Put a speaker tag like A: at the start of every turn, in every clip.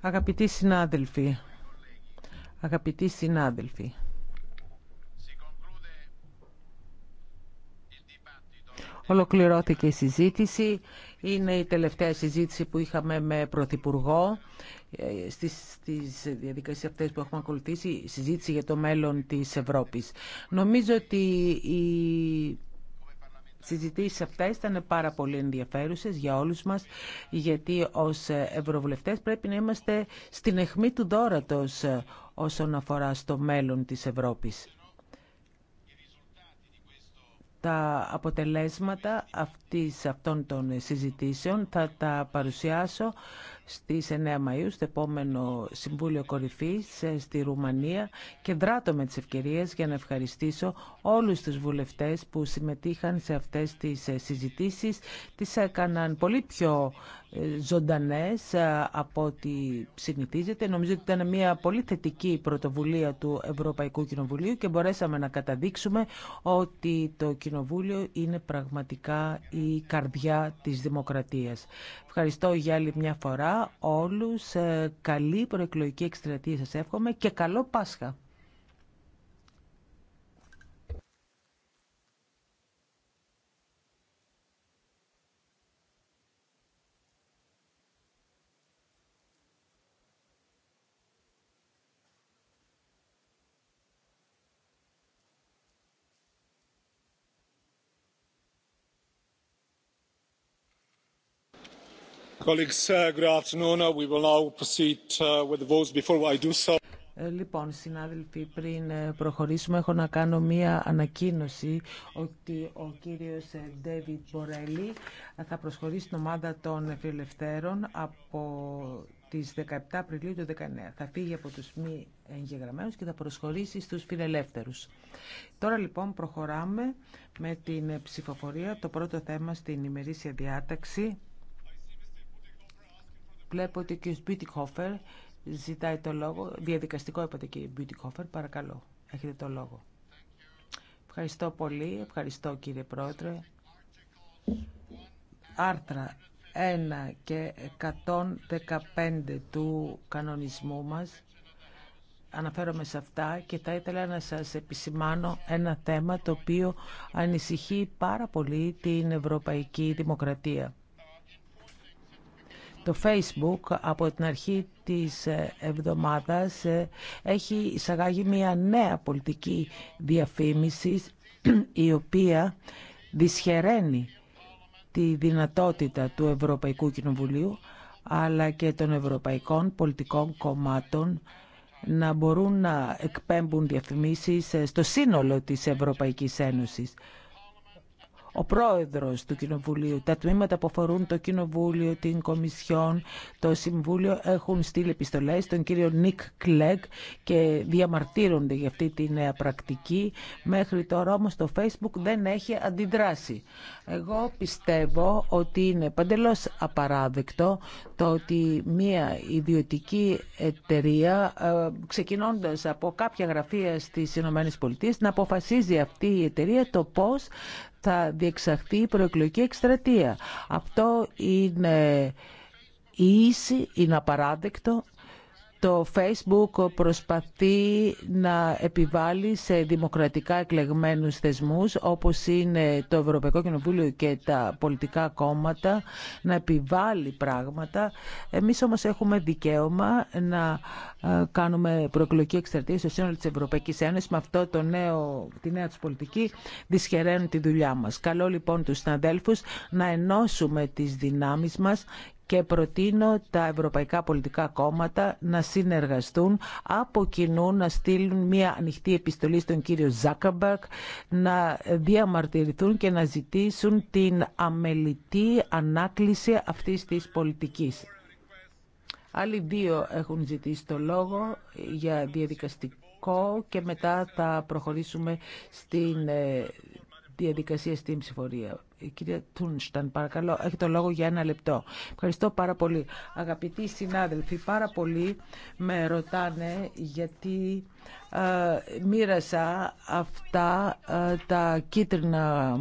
A: Αγαπητοί συνάδελφοι, αγαπητοί συνάδελφοι, ολοκληρώθηκε η συζήτηση. Είναι η τελευταία συζήτηση που είχαμε με Πρωθυπουργό ε, στις, στις διαδικασίες αυτές που έχουμε ακολουθήσει, η συζήτηση για το μέλλον της Ευρώπης. Νομίζω ότι η συζητήσεις αυτές ήταν πάρα πολύ ενδιαφέρουσες για όλους μας, γιατί ως ευρωβουλευτές πρέπει να είμαστε στην αιχμή του δόρατος ε, όσον αφορά στο μέλλον της Ευρώπης τα αποτελέσματα αυτής, αυτών των συζητήσεων θα τα παρουσιάσω στις 9 Μαΐου, στο επόμενο Συμβούλιο Κορυφής ε, στη Ρουμανία και δράτω με τις ευκαιρίες για να ευχαριστήσω όλους τους βουλευτές που συμμετείχαν σε αυτές τις ε, συζητήσεις. Τις έκαναν πολύ πιο ζωντανές ε, από ό,τι συνηθίζεται. Νομίζω ότι ήταν μια πολύ θετική πρωτοβουλία του Ευρωπαϊκού Κοινοβουλίου και μπορέσαμε να καταδείξουμε ότι το Κοινοβούλιο είναι πραγματικά η καρδιά της δημοκρατίας. Ευχαριστώ για άλλη μια φορά όλους. Ε, καλή προεκλογική εκστρατεία σας εύχομαι και καλό Πάσχα. Λοιπόν, συνάδελφοι, πριν ε, προχωρήσουμε, έχω να κάνω μία ανακοίνωση ότι ο κύριος Ντέβιτ ε, Μπορέλη ε, θα προσχωρήσει στην ομάδα των φιλελευθέρων από τις 17 Απριλίου του 2019. Θα φύγει από τους μη εγγεγραμμένους και θα προσχωρήσει στους φιλελεύθερους. Τώρα λοιπόν προχωράμε με την ψηφοφορία. Το πρώτο θέμα στην ημερήσια διάταξη Βλέπω ότι ο κ. Μπιουτικόφερ ζητάει το λόγο. Διαδικαστικό είπατε κ. Μπιουτικόφερ. Παρακαλώ, έχετε το λόγο. Ευχαριστώ πολύ. Ευχαριστώ κύριε Πρόεδρε. Άρθρα 1 και 115 του κανονισμού μας αναφέρομαι σε αυτά και θα ήθελα να σας επισημάνω ένα θέμα το οποίο ανησυχεί πάρα πολύ την Ευρωπαϊκή Δημοκρατία. Το Facebook από την αρχή της εβδομάδας ε, έχει εισαγάγει μια νέα πολιτική διαφήμιση η οποία δυσχεραίνει τη δυνατότητα του Ευρωπαϊκού Κοινοβουλίου αλλά και των ευρωπαϊκών πολιτικών κομμάτων να μπορούν να εκπέμπουν διαφημίσεις ε, στο σύνολο της Ευρωπαϊκής Ένωσης ο πρόεδρος του Κοινοβουλίου. Τα τμήματα που αφορούν το Κοινοβούλιο, την Κομισιόν, το Συμβούλιο έχουν στείλει επιστολέ, στον κύριο Νίκ Κλέγκ και διαμαρτύρονται για αυτή τη νέα πρακτική. Μέχρι τώρα όμω το Facebook δεν έχει αντιδράσει. Εγώ πιστεύω ότι είναι παντελώς απαράδεκτο το ότι μία ιδιωτική εταιρεία ε, ξεκινώντα από κάποια γραφεία στι ΗΠΑ να αποφασίζει αυτή η εταιρεία το πώ θα διεξαχθεί η προεκλογική εκστρατεία. Αυτό είναι ίση, είναι απαράδεκτο, το Facebook προσπαθεί να επιβάλλει σε δημοκρατικά εκλεγμένους θεσμούς όπως είναι το Ευρωπαϊκό Κοινοβούλιο και τα πολιτικά κόμματα να επιβάλλει πράγματα. Εμείς όμως έχουμε δικαίωμα να ε, κάνουμε προεκλογική εκστρατεία στο σύνολο της Ευρωπαϊκής Ένωσης με αυτό το νέο, τη νέα τους πολιτική δυσχεραίνουν τη δουλειά μας. Καλό λοιπόν τους συναδέλφους να ενώσουμε τις δυνάμεις μας και προτείνω τα ευρωπαϊκά πολιτικά κόμματα να συνεργαστούν από κοινού, να στείλουν μια ανοιχτή επιστολή στον κύριο Ζάκαμπακ, να διαμαρτυρηθούν και να ζητήσουν την αμελητή ανάκληση αυτής της πολιτικής. Άλλοι δύο έχουν ζητήσει το λόγο για διαδικαστικό και μετά θα προχωρήσουμε στην ε, διαδικασία στην ψηφορία. Η κυρία Τούνσταν, παρακαλώ, έχει το λόγο για ένα λεπτό. Ευχαριστώ πάρα πολύ. Αγαπητοί συνάδελφοι, πάρα πολλοί με ρωτάνε γιατί ε, μοίρασα αυτά ε, τα κίτρινα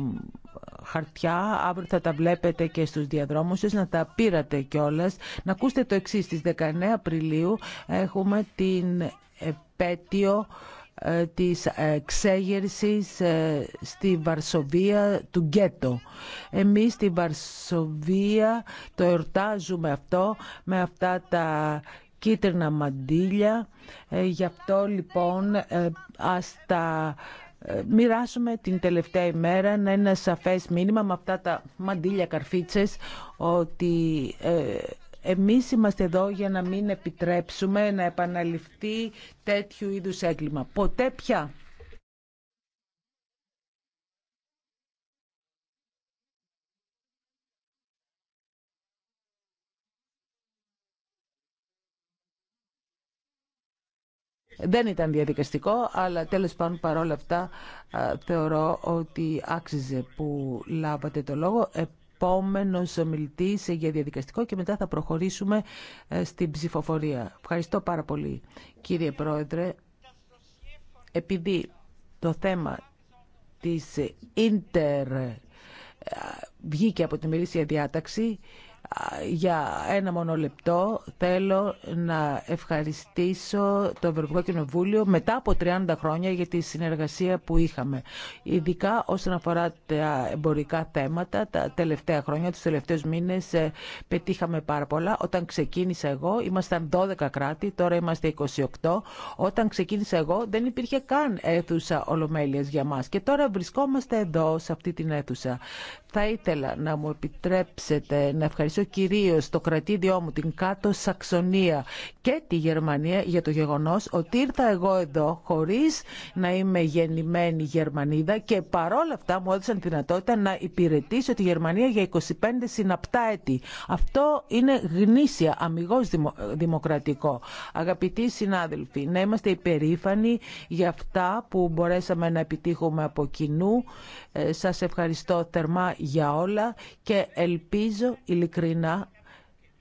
A: χαρτιά, αύριο θα τα βλέπετε και στους διαδρόμους σας, να τα πήρατε κιόλας. Να ακούσετε το εξής, στις 19 Απριλίου έχουμε την επέτειο ε, της εξέγερσης ε, στη Βαρσοβία του γκέτο. Εμείς στη Βαρσοβία το εορτάζουμε αυτό με αυτά τα κίτρινα μαντήλια. Ε, γι' αυτό λοιπόν ας τα μοιράσουμε την τελευταία ημέρα να είναι ένα σαφές μήνυμα με αυτά τα μαντήλια καρφίτσες ότι εμείς είμαστε εδώ για να μην επιτρέψουμε να επαναληφθεί τέτοιου είδους έγκλημα. Ποτέ πια. Δεν ήταν διαδικαστικό, αλλά τέλος πάντων παρόλα αυτά θεωρώ ότι άξιζε που λάβατε το λόγο. Ε, επόμενος μιλητής για διαδικαστικό και μετά θα προχωρήσουμε ε, στην ψηφοφορία. Ευχαριστώ πάρα πολύ κύριε Πρόεδρε. Επειδή το θέμα της Ίντερ ε, βγήκε από τη μερίσια διάταξη, για ένα μόνο λεπτό θέλω να ευχαριστήσω το Ευρωπαϊκό Κοινοβούλιο μετά από 30 χρόνια για τη συνεργασία που είχαμε. Ειδικά όσον αφορά τα εμπορικά θέματα, τα τελευταία χρόνια, τους τελευταίους μήνες ε, πετύχαμε πάρα πολλά. Όταν ξεκίνησα εγώ ήμασταν 12 κράτη, τώρα είμαστε 28. Όταν ξεκίνησα εγώ δεν υπήρχε καν αίθουσα ολομέλειας για μας και τώρα βρισκόμαστε εδώ σε αυτή την αίθουσα. Θα ήθελα να μου επιτρέψετε να ευχαριστώ κυρίως το κρατήδιό μου, την κάτω Σαξονία και τη Γερμανία για το γεγονός ότι ήρθα εγώ εδώ χωρίς να είμαι γεννημένη Γερμανίδα και παρόλα αυτά μου έδωσαν τη δυνατότητα να υπηρετήσω τη Γερμανία για 25 συναπτά έτη. Αυτό είναι γνήσια, αμυγός δημοκρατικό. Αγαπητοί συνάδελφοι, να είμαστε υπερήφανοι για αυτά που μπορέσαμε να επιτύχουμε από κοινού. Ε, σας ευχαριστώ θερμά για όλα και ελπίζω ειλικρινά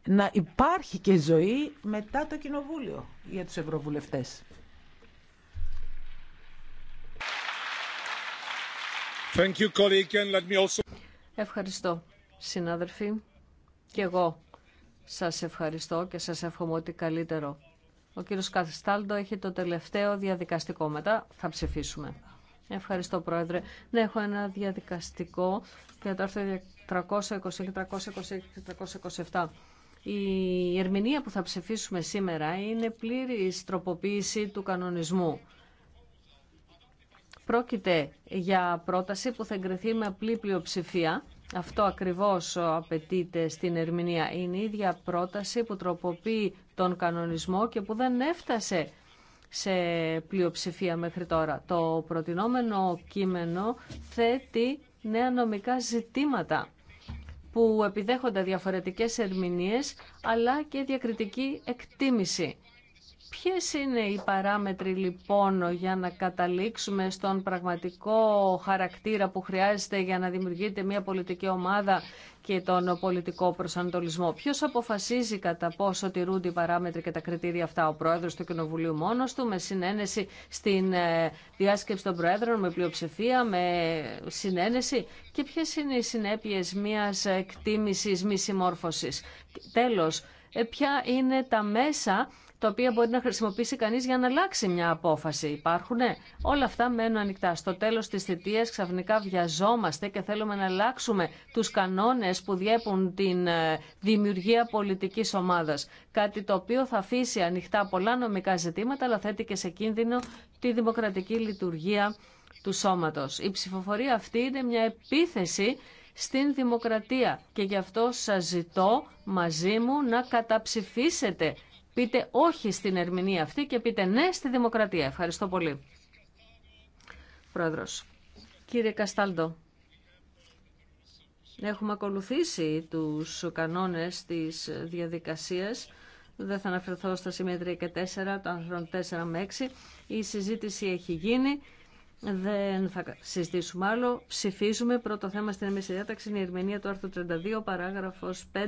A: να υπάρχει και ζωή μετά το Κοινοβούλιο
B: για τους Ευρωβουλευτές.
C: Thank you, let me also...
B: Ευχαριστώ, συνάδελφοι. Και εγώ σας ευχαριστώ και σας εύχομαι ό,τι καλύτερο. Ο κύριος Καθιστάλτο έχει το τελευταίο διαδικαστικό. Μετά θα ψηφίσουμε. Ευχαριστώ, Πρόεδρε. Ναι, έχω ένα διαδικαστικό για το άρθρο 320, 327. Η ερμηνεία που θα ψηφίσουμε σήμερα είναι πλήρης τροποποίηση του κανονισμού. Πρόκειται για πρόταση που θα εγκριθεί με απλή πλειοψηφία. Αυτό ακριβώς απαιτείται στην ερμηνεία. Είναι η ίδια πρόταση που τροποποιεί τον κανονισμό και που δεν έφτασε σε πλειοψηφία μέχρι τώρα. Το προτινόμενο κείμενο θέτει νέα νομικά ζητήματα που επιδέχονται διαφορετικές ερμηνείες αλλά και διακριτική εκτίμηση Ποιες είναι οι παράμετροι λοιπόν για να καταλήξουμε στον πραγματικό χαρακτήρα που χρειάζεται για να δημιουργείται μια πολιτική ομάδα και τον πολιτικό προσανατολισμό. Ποιο αποφασίζει κατά πόσο τηρούνται οι παράμετροι και τα κριτήρια αυτά, ο πρόεδρο του Κοινοβουλίου μόνο του, με συνένεση στην ε, διάσκεψη των πρόεδρων, με πλειοψηφία, με συνένεση και ποιε είναι οι συνέπειε μια εκτίμηση μη συμμόρφωση. Τέλο, ε, ποια είναι τα μέσα το οποίο μπορεί να χρησιμοποιήσει κανείς για να αλλάξει μια απόφαση. Υπάρχουνε. Όλα αυτά μένουν ανοιχτά. Στο τέλος της θητείας ξαφνικά βιαζόμαστε και θέλουμε να αλλάξουμε τους κανόνες που διέπουν την ε, δημιουργία πολιτικής ομάδας. Κάτι το οποίο θα αφήσει ανοιχτά πολλά νομικά ζητήματα, αλλά θέτει και σε κίνδυνο τη δημοκρατική λειτουργία του σώματος. Η ψηφοφορία αυτή είναι μια επίθεση στην δημοκρατία και γι' αυτό σας ζητώ μαζί μου να καταψηφίσετε πείτε όχι στην ερμηνεία αυτή και πείτε ναι στη δημοκρατία. Ευχαριστώ πολύ. Πρόεδρος. Κύριε Καστάλντο, έχουμε ακολουθήσει τους κανόνες της διαδικασίας. Δεν θα αναφερθώ στα σημεία 3 και 4, των 4 με 6. Η συζήτηση έχει γίνει. Δεν θα συζητήσουμε άλλο. Ψηφίζουμε. Πρώτο θέμα στην εμείς διάταξη είναι η ερμηνεία του άρθρου 32, παράγραφος 5,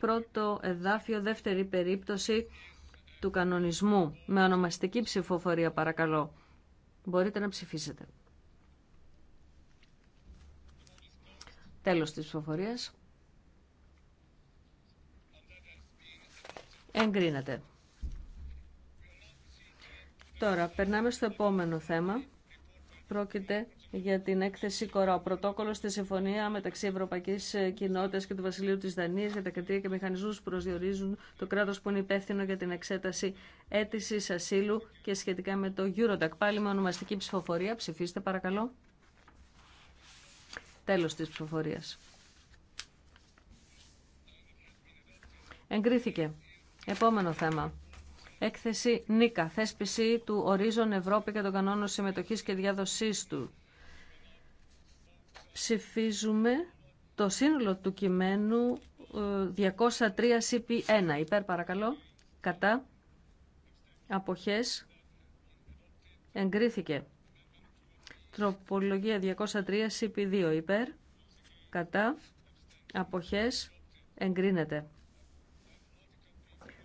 B: πρώτο εδάφιο, δεύτερη περίπτωση του κανονισμού. Με ονομαστική ψηφοφορία παρακαλώ. Μπορείτε να ψηφίσετε. Τέλος της ψηφοφορίας. Εγκρίνεται. Τώρα, περνάμε στο επόμενο θέμα. Πρόκειται για την έκθεση Κορό. Πρωτόκολλο στη Συμφωνία μεταξύ Ευρωπαϊκή Κοινότητα και του Βασιλείου τη Δανία για τα κριτήρια και μηχανισμού που προσδιορίζουν το κράτο που είναι υπεύθυνο για την εξέταση αίτηση ασύλου και σχετικά με το Eurodac. Πάλι με ονομαστική ψηφοφορία. Ψηφίστε παρακαλώ. Τέλο τη ψηφοφορία. Εγκρίθηκε. Επόμενο θέμα. Έκθεση ΝΙΚΑ, θέσπιση του Ορίζον Ευρώπη και τον κανόνων συμμετοχή και διάδοσή του Ψηφίζουμε το σύνολο του κειμένου 203 ε, CP1. Υπέρ παρακαλώ. Κατά. Αποχές. Εγκρίθηκε. Τροπολογία 203 CP2. Υπέρ. Κατά. Αποχές. Εγκρίνεται.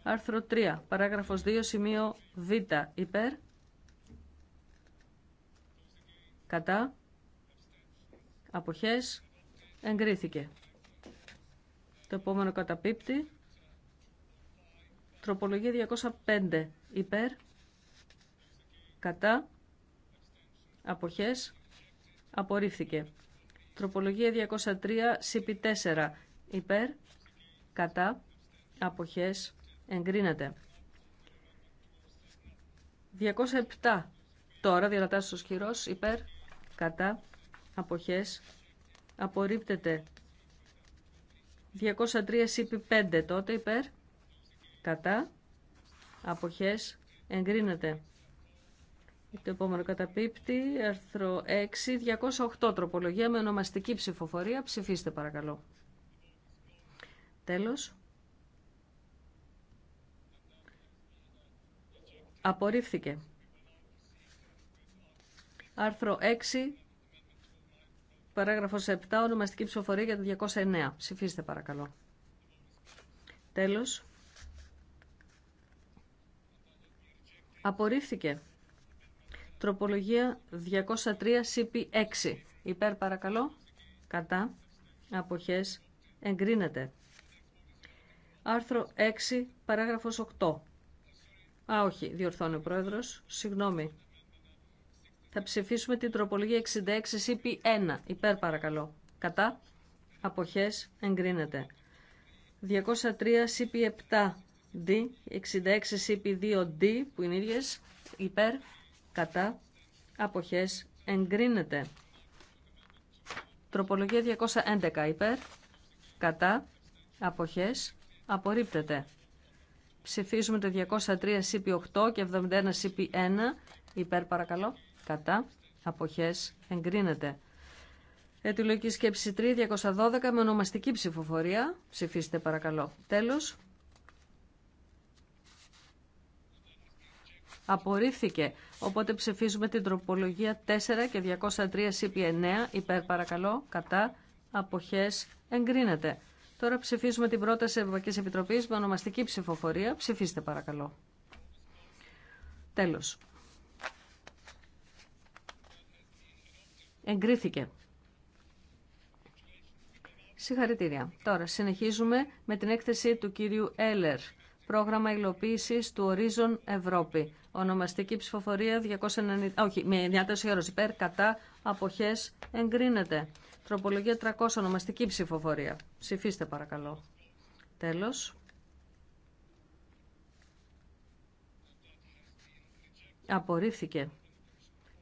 B: Άρθρο 3. Παράγραφος 2 σημείο Β. Υπέρ. Κατά αποχές εγκρίθηκε. Το επόμενο καταπίπτη. Τροπολογία 205 υπέρ, κατά, αποχές, απορρίφθηκε. Τροπολογία 203 συπ 4 υπέρ, κατά, αποχές, εγκρίνεται. 207 τώρα διαλατάς ο χειρός υπέρ, κατά, αποχές απορρίπτεται 203 CP5 τότε υπέρ κατά αποχές εγκρίνεται το επόμενο καταπίπτει άρθρο 6 208 τροπολογία με ονομαστική ψηφοφορία ψηφίστε παρακαλώ τέλος απορρίφθηκε άρθρο 6 Παράγραφος 7, ονομαστική ψηφοφορία για το 209. Ψηφίστε παρακαλώ. Τέλος. Απορρίφθηκε. Τροπολογία 203 CP6. Υπέρ παρακαλώ. Κατά. Αποχές. Εγκρίνεται. Άρθρο 6, παράγραφος 8. Α, όχι, διορθώνει ο πρόεδρος. Συγγνώμη. Θα ψηφίσουμε την τροπολογία 66 CP1. Υπέρ παρακαλώ. Κατά. Αποχές. Εγκρίνεται. 203 CP7 D. 66 CP2 D που είναι ίδιες. Υπέρ. Κατά. Αποχές. Εγκρίνεται. Τροπολογία 211 υπέρ. Κατά. Αποχές. Απορρίπτεται. Ψηφίζουμε το 203 CP8 και 71 CP1. Υπέρ παρακαλώ κατά, αποχές, εγκρίνεται. Ετυλογική σκέψη 3, 212 με ονομαστική ψηφοφορία. Ψηφίστε παρακαλώ. Τέλος. Απορρίφθηκε. Οπότε ψηφίζουμε την τροπολογία 4 και 203 CP9 υπέρ παρακαλώ, κατά, αποχές, εγκρίνεται. Τώρα ψηφίζουμε την πρόταση Ευρωπαϊκή Επιτροπής με ονομαστική ψηφοφορία. Ψηφίστε παρακαλώ. Τέλος. Εγκρίθηκε. Συγχαρητήρια. Τώρα συνεχίζουμε με την έκθεση του κύριου Έλερ. Πρόγραμμα υλοποίηση του Horizon Ευρώπη. Ονομαστική ψηφοφορία 290. Όχι, με διάταση όρος υπέρ, κατά, αποχές, εγκρίνεται. Τροπολογία 300, ονομαστική ψηφοφορία. Ψηφίστε παρακαλώ. Τέλος. Απορρίφθηκε.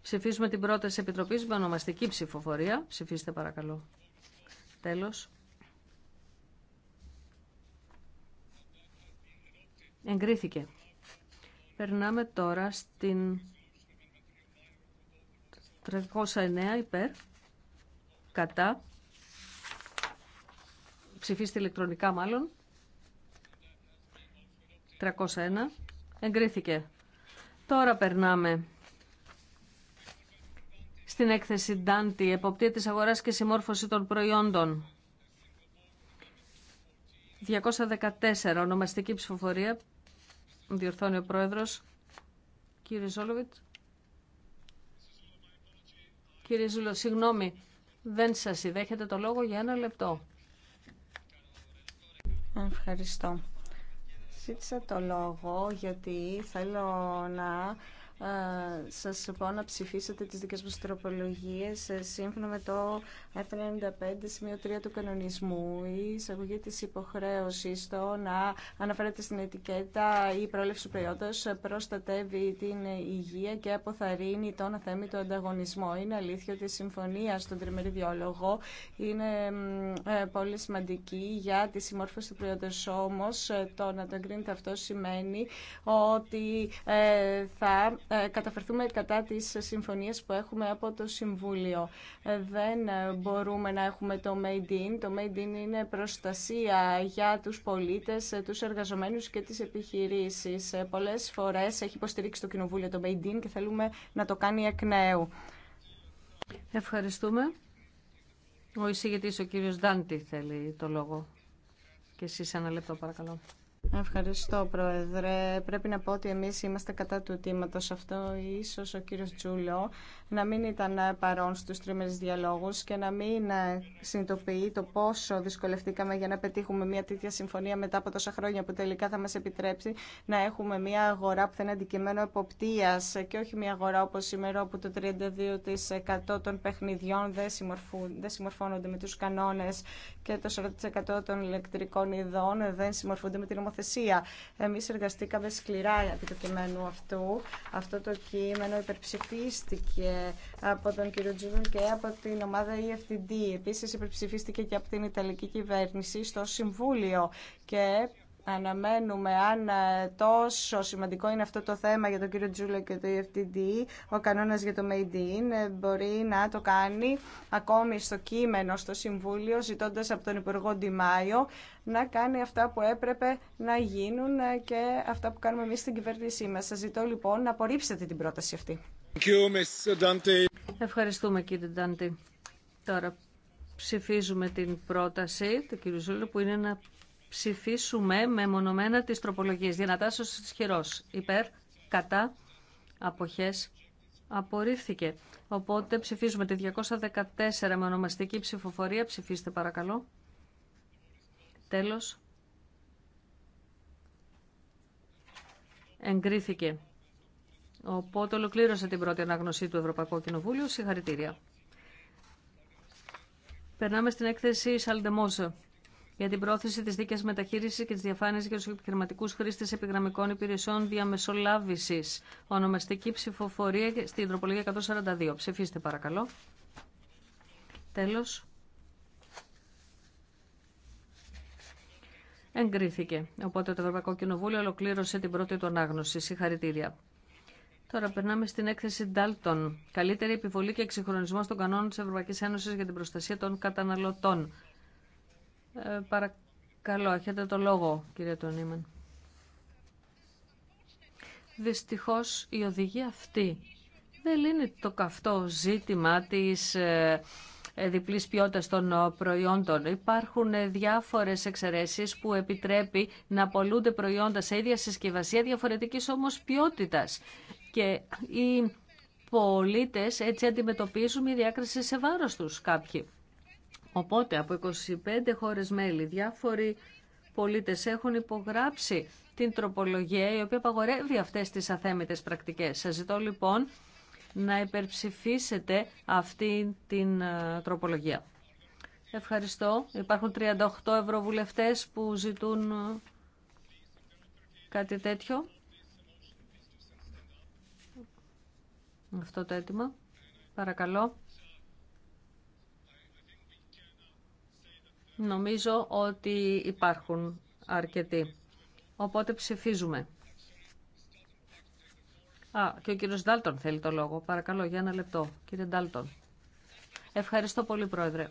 B: Ψηφίζουμε την πρόταση επιτροπή με ονομαστική ψηφοφορία. Ψηφίστε παρακαλώ. Τέλος. Εγκρίθηκε. Περνάμε τώρα στην 309 υπέρ, κατά, ψηφίστε ηλεκτρονικά μάλλον, 301, εγκρίθηκε. Τώρα περνάμε στην έκθεση Ντάντι, εποπτεία της αγοράς και συμμόρφωση των προϊόντων. 214, ονομαστική ψηφοφορία, διορθώνει ο Πρόεδρος. Κύριε Ζόλοβιτ. Κύριε Ζούλο, συγγνώμη, δεν σας δέχετε το λόγο για ένα λεπτό.
D: Ευχαριστώ.
B: Ζήτησα το λόγο γιατί
D: θέλω να σας πω να ψηφίσετε τις δικές μου τροπολογίες ε, σύμφωνα με το F95 σημείο 3 του κανονισμού η εισαγωγή της υποχρέωσης το να αναφέρεται στην ετικέτα η πρόληψη προϊόντος προστατεύει την υγεία και αποθαρρύνει τον αθέμητο ανταγωνισμό. Είναι αλήθεια ότι η συμφωνία στον τριμερή διόλογο είναι ε, πολύ σημαντική για τη συμμόρφωση του προϊόντος όμως ε, το να το εγκρίνεται αυτό σημαίνει ότι θα ε, καταφερθούμε κατά τις συμφωνίες που έχουμε από το Συμβούλιο. Ε, δεν ε, μπορούμε να έχουμε το Made in. Το Made in είναι προστασία για τους πολίτες, τους εργαζομένους και τις επιχειρήσεις. Πολλές φορές έχει υποστηρίξει το Κοινοβούλιο το Made in και θέλουμε να το κάνει εκ νέου.
B: Ευχαριστούμε. Ο εισηγητής, ο κύριος Δάντη, θέλει το λόγο. Και εσείς ένα λεπτό παρακαλώ. Ευχαριστώ, Πρόεδρε. Πρέπει να πω ότι
D: εμείς είμαστε κατά του αιτήματος αυτό. Ίσως ο κύριος Τζούλο να μην ήταν παρόν στους τρίμερες διαλόγους και να μην ε, συνειδητοποιεί το πόσο δυσκολευτήκαμε για να πετύχουμε μια τέτοια συμφωνία μετά από τόσα χρόνια που τελικά θα μας επιτρέψει να έχουμε μια αγορά που θα είναι αντικείμενο εποπτείας και όχι μια αγορά όπως σήμερα όπου το 32% των παιχνιδιών δεν, δεν συμμορφώνονται με τους κανόνες και το 40% των ηλεκτρικών ειδών δεν συμμορφούνται με την νομοθεσία. Εμείς εργαστήκαμε σκληρά επί το κειμένου αυτού. Αυτό το κείμενο υπερψηφίστηκε από τον κύριο Τζούλον και από την ομάδα EFTD. Επίσης υπερψηφίστηκε και από την Ιταλική κυβέρνηση στο Συμβούλιο και Αναμένουμε αν ε, τόσο σημαντικό είναι αυτό το θέμα για τον κύριο Τζούλο και το EFTD, ο κανόνας για το Made in ε, μπορεί να το κάνει ακόμη στο κείμενο, στο Συμβούλιο, ζητώντας από τον Υπουργό Ντιμάιο να κάνει αυτά που έπρεπε να γίνουν ε, και αυτά που κάνουμε εμείς στην κυβέρνησή
B: μας. Σας ζητώ λοιπόν να απορρίψετε την πρόταση αυτή. Ευχαριστούμε κύριε Ντάντη. Τώρα ψηφίζουμε την πρόταση του κύριου Ζούλου που είναι να ψηφίσουμε με μονομένα τις τροπολογίες. Δυνατά ισχυρός. Υπέρ, κατά, αποχές, απορρίφθηκε. Οπότε ψηφίζουμε τη 214 με ονομαστική ψηφοφορία. Ψηφίστε παρακαλώ. Τέλος. Εγκρίθηκε. Οπότε ολοκλήρωσε την πρώτη ανάγνωσή του Ευρωπαϊκού Κοινοβούλιο. Συγχαρητήρια. Περνάμε στην έκθεση Σαλντεμόζε για την πρόθεση τη δίκαια μεταχείριση και τη διαφάνεια για του επιχειρηματικού χρήστε επιγραμμικών υπηρεσιών διαμεσολάβηση. Ονομαστική ψηφοφορία στην τροπολογία 142. Ψηφίστε παρακαλώ. Τέλο. Εγκρίθηκε. Οπότε το Ευρωπαϊκό Κοινοβούλιο ολοκλήρωσε την πρώτη του ανάγνωση. Συγχαρητήρια. Τώρα περνάμε στην έκθεση Dalton. Καλύτερη επιβολή και εξυγχρονισμό των κανόνων τη Ευρωπαϊκή Ένωση για την προστασία των καταναλωτών. Ε, παρακαλώ, έχετε το λόγο, κύριε Τονίμεν. Δυστυχώ η οδηγία αυτή δεν λύνει το καυτό ζήτημα της ε, ε, διπλής ποιότητας των ε, προϊόντων. Υπάρχουν ε, διάφορες εξαιρεσει που επιτρέπει να πολλούνται προϊόντα σε ίδια συσκευασία διαφορετικής όμως ποιότητας. Και οι πολίτες έτσι αντιμετωπίζουν η διάκριση σε βάρος τους κάποιοι. Οπότε από 25 χώρες μέλη διάφοροι πολίτες έχουν υπογράψει την τροπολογία η οποία απαγορεύει αυτές τις αθέμητες πρακτικές. Σας ζητώ λοιπόν να υπερψηφίσετε αυτή την ε, τροπολογία. Ευχαριστώ. Υπάρχουν 38 ευρωβουλευτές που ζητούν ε, κάτι τέτοιο. Αυτό το αίτημα. Παρακαλώ. Νομίζω ότι υπάρχουν αρκετοί. Οπότε ψηφίζουμε. Α, και ο κύριος Ντάλτον θέλει το λόγο. Παρακαλώ, για ένα λεπτό. Κύριε Ντάλτον. Ευχαριστώ πολύ, Πρόεδρε.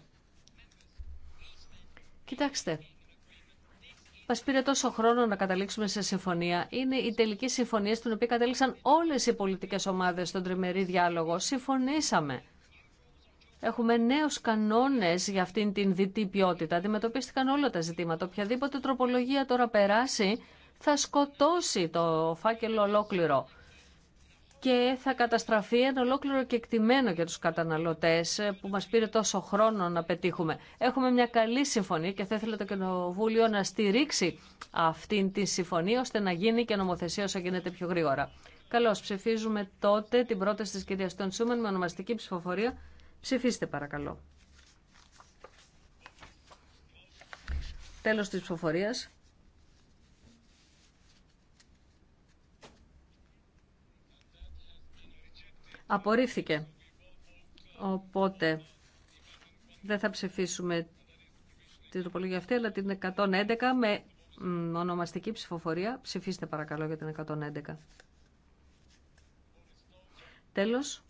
B: Κοιτάξτε, Μα πήρε τόσο χρόνο να καταλήξουμε σε συμφωνία. Είναι η τελική συμφωνία στην οποία κατέληξαν όλε οι πολιτικέ ομάδε στον τριμερή διάλογο. Συμφωνήσαμε. Έχουμε νέου κανόνε για αυτήν την διτή ποιότητα. Αντιμετωπίστηκαν όλα τα ζητήματα. Οποιαδήποτε τροπολογία τώρα περάσει θα σκοτώσει το φάκελο ολόκληρο και θα καταστραφεί ένα ολόκληρο κεκτημένο για τους καταναλωτές ε, που μας πήρε τόσο χρόνο να πετύχουμε. Έχουμε μια καλή συμφωνία και θα ήθελα το Κοινοβούλιο να στηρίξει αυτή τη συμφωνία ώστε να γίνει και νομοθεσία όσο γίνεται πιο γρήγορα. Καλώς ψηφίζουμε τότε την πρόταση της κυρίας Τον Σούμεν με ονομαστική ψηφοφορία. Ψηφίστε παρακαλώ. Τέλος της ψηφοφορίας. Απορρίφθηκε. Οπότε δεν θα ψηφίσουμε την τροπολογία αυτή, αλλά την 111 με ονομαστική ψηφοφορία. Ψηφίστε παρακαλώ για την 111. Τέλος.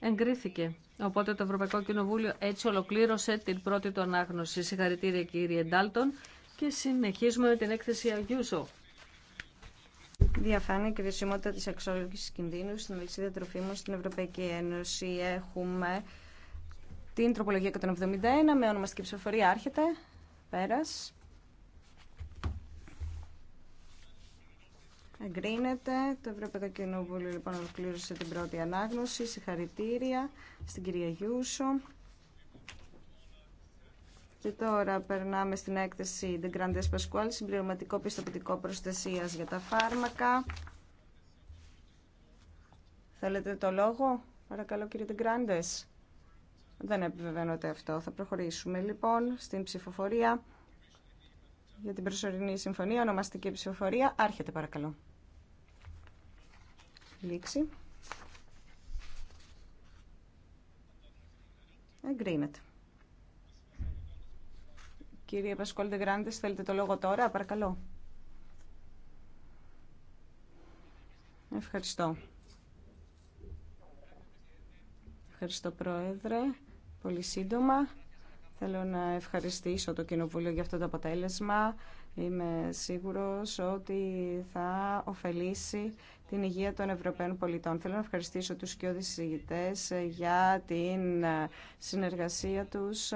B: Εγκρίθηκε. Οπότε το Ευρωπαϊκό Κοινοβούλιο έτσι ολοκλήρωσε την πρώτη του ανάγνωση. Συγχαρητήρια κύριε Ντάλτον και συνεχίζουμε με την έκθεση Αγιούσο
D: διαφάνεια και βιωσιμότητα της αξιολόγησης κινδύνου στην αλυσίδα τροφίμων στην Ευρωπαϊκή Ένωση. Έχουμε την τροπολογία 171 με ονομαστική ψηφοφορία. Άρχεται. Πέρας. Εγκρίνεται. Το Ευρωπαϊκό Κοινοβούλιο λοιπόν ολοκλήρωσε την πρώτη ανάγνωση. Συγχαρητήρια στην κυρία Γιούσο. Και τώρα περνάμε στην έκθεση The Grandes Pasquale, συμπληρωματικό πιστοποιητικό προστασίας για τα φάρμακα. Θέλετε το λόγο, παρακαλώ κύριε The Grandes. Δεν επιβεβαίνονται αυτό. Θα προχωρήσουμε λοιπόν στην ψηφοφορία για την προσωρινή συμφωνία, ονομαστική ψηφοφορία. Άρχεται παρακαλώ. Λήξη. Εγκρίνεται. Κύριε Πασκόλτε Γκράντες, θέλετε το λόγο τώρα, παρακαλώ. Ευχαριστώ. Ευχαριστώ, Πρόεδρε. Πολύ σύντομα. Θέλω να ευχαριστήσω το Κοινοβούλιο για αυτό το αποτέλεσμα. Είμαι σίγουρος ότι θα ωφελήσει την υγεία των Ευρωπαίων πολιτών. Θέλω να ευχαριστήσω τους και συζητητές για την συνεργασία τους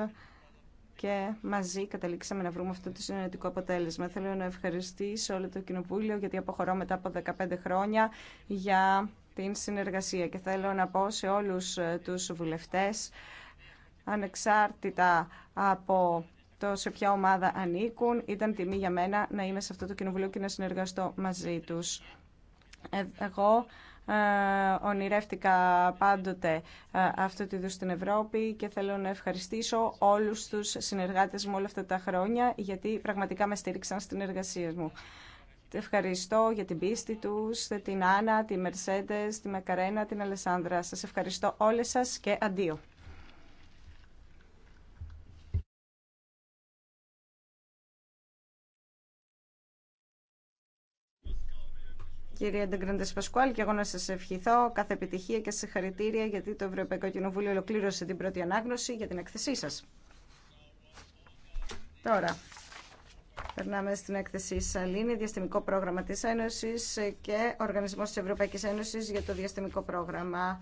D: και μαζί καταλήξαμε να βρούμε αυτό το συνενετικό αποτέλεσμα. Θέλω να ευχαριστήσω όλο το Κοινοβούλιο γιατί αποχωρώ μετά από 15 χρόνια για την συνεργασία και θέλω να πω σε όλους ε, τους βουλευτές ανεξάρτητα από το σε ποια ομάδα ανήκουν, ήταν τιμή για μένα να είμαι σε αυτό το κοινοβουλίο και να συνεργαστώ μαζί τους. Ε, εγώ ε, ονειρεύτηκα πάντοτε ε, αυτό το είδος στην Ευρώπη και θέλω να ευχαριστήσω όλους τους συνεργάτες μου όλα αυτά τα χρόνια γιατί πραγματικά με στήριξαν στην εργασία μου. Ευχαριστώ για την πίστη τους, την Άννα, τη Μερσέντες, τη Μακαρένα, την Αλεσάνδρα. Σας ευχαριστώ όλες σας και αντίο. Κύριε Ντεγκράντε Πασκουάλ, και εγώ να σα ευχηθώ κάθε επιτυχία και συγχαρητήρια γιατί το Ευρωπαϊκό Κοινοβούλιο ολοκλήρωσε την πρώτη ανάγνωση για την εκθεσή σα. Τώρα, περνάμε στην έκθεση Σαλίνη, Διαστημικό Πρόγραμμα τη Ένωση και Οργανισμό τη Ευρωπαϊκή Ένωση για το Διαστημικό Πρόγραμμα.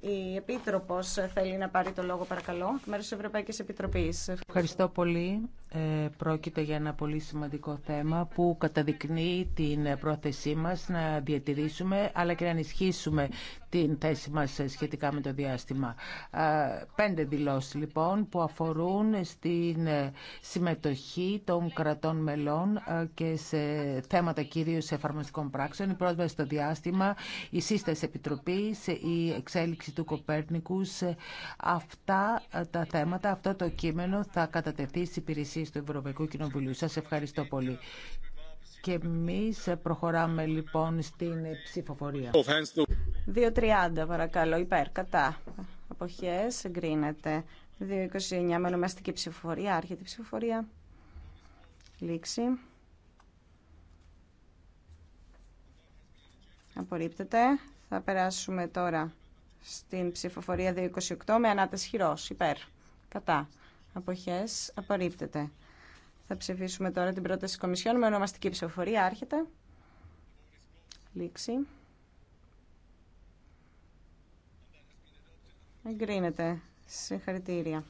D: Η Επίτροπος θέλει να πάρει το λόγο, παρακαλώ, μέρος της Ευρωπαϊκής Επιτροπής.
A: Ευχαριστώ πολύ. Ε, πρόκειται για ένα πολύ σημαντικό θέμα που καταδεικνύει την πρόθεσή μας να διατηρήσουμε αλλά και να ενισχύσουμε την θέση μας σχετικά με το διάστημα. Ε, πέντε δηλώσεις λοιπόν που αφορούν στην ε, συμμετοχή των κρατών μελών και σε θέματα κυρίως εφαρμοστικών πράξεων, η πρόσβαση στο διάστημα, η σύσταση επιτροπής, η εξέλιξη του Κοπέρνικους. Αυτά τα θέματα, αυτό το κείμενο θα κατατεθεί στις του Ευρωπαϊκού Κοινοβουλίου. Σας ευχαριστώ πολύ.
D: Και εμείς προχωράμε λοιπόν στην ψηφοφορία. 2.30 παρακαλώ, υπέρ, κατά. Αποχές, εγκρίνεται. 2.29 με ονομαστική ψηφοφορία, άρχεται η ψηφοφορία. Λήξη. Απορρίπτεται. Θα περάσουμε τώρα στην ψηφοφορία 228 με ανάταση χειρός, υπέρ, κατά αποχές απορρίπτεται. Θα ψηφίσουμε τώρα την πρόταση Κομισιόν με ονομαστική ψηφοφορία. Άρχεται. Λήξη. Εγκρίνεται. Συγχαρητήρια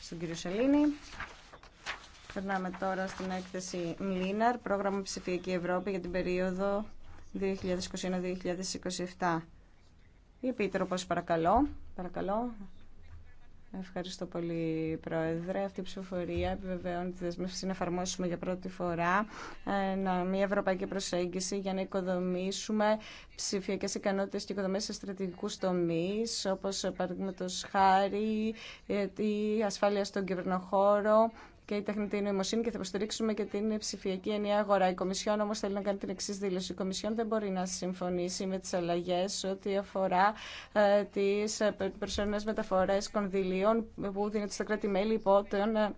D: στον κύριο Σελήνη. Περνάμε τώρα στην έκθεση Μλίναρ, πρόγραμμα Ψηφιακή Ευρώπη για την περίοδο 2021-2027. Η Επίτροπος, παρακαλώ. Παρακαλώ, Ευχαριστώ πολύ, Πρόεδρε. Αυτή η ψηφοφορία επιβεβαιώνει τη δεσμεύση να εφαρμόσουμε για πρώτη φορά ε, μια ευρωπαϊκή προσέγγιση για να οικοδομήσουμε ψηφιακέ ικανότητε και οικοδομέ σε στρατηγικού τομεί, όπω παραδείγματο χάρη ε, η ασφάλεια στον κυβερνοχώρο, και η τεχνητή νοημοσύνη και θα υποστηρίξουμε και την ψηφιακή ενιαία αγορά. Η Κομισιόν όμω θέλει να κάνει την εξή δήλωση. Η Κομισιόν δεν μπορεί να συμφωνήσει με τι αλλαγέ ό,τι αφορά ε, τι ε, προσωρινέ μεταφορέ κονδυλίων που δίνονται στα κράτη-μέλη υπό τον ε,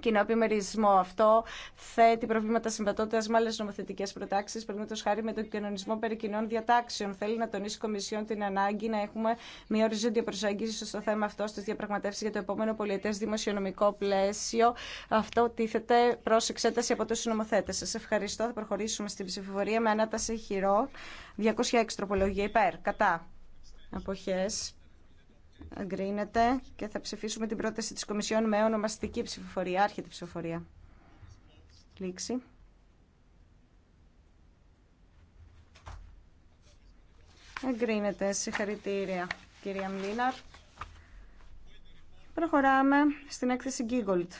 D: κοινό επιμερισμό. Αυτό θέτει προβλήματα συμβατότητα με άλλε νομοθετικέ προτάξει, παραδείγματο χάρη με τον κοινωνισμό περί κοινών διατάξεων. Θέλει να τονίσει η Κομισιόν την ανάγκη να έχουμε μια οριζόντια προσέγγιση στο θέμα αυτό στι διαπραγματεύσει για το επόμενο πολιετέ δημοσιονομικό πλαίσιο. Αυτό τίθεται προ εξέταση από του συνομοθέτε. Σα ευχαριστώ. Θα προχωρήσουμε στην ψηφοφορία με ανάταση χειρό. 206 τροπολογία υπέρ. Κατά. Αποχές. Αγκρίνεται και θα ψηφίσουμε την πρόταση της Κομισιόν με ονομαστική ψηφοφορία. άρχιτη ψηφοφορία. Λήξη. Εγκρίνεται. Συγχαρητήρια, κυρία Μλίναρ. Προχωράμε στην έκθεση γκίγκολτ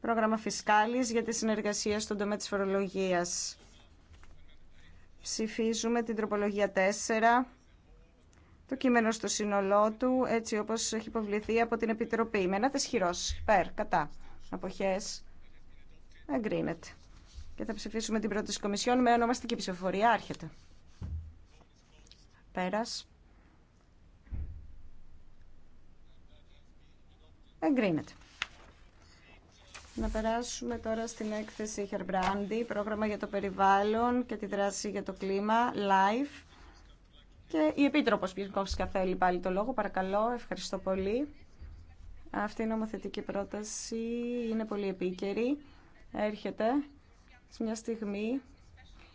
D: Πρόγραμμα φισκάλης για τη συνεργασία στον τομέα της φορολογίας. Ψηφίζουμε την τροπολογία 4 το κείμενο στο σύνολό του, έτσι όπως έχει υποβληθεί από την Επιτροπή. Με ένα θεσχυρός, υπέρ, κατά, αποχές, εγκρίνεται. Και θα ψηφίσουμε την πρώτη της Κομισιόν με ονομαστική ψηφοφορία. Άρχεται. Πέρας. Εγκρίνεται. Να περάσουμε τώρα στην έκθεση Herbrandi, πρόγραμμα για το περιβάλλον και τη δράση για το κλίμα, live. Και η Επίτροπος Πιερκόφσκα θέλει πάλι το λόγο. Παρακαλώ, ευχαριστώ πολύ. Αυτή η νομοθετική πρόταση είναι πολύ επίκαιρη. Έρχεται σε μια στιγμή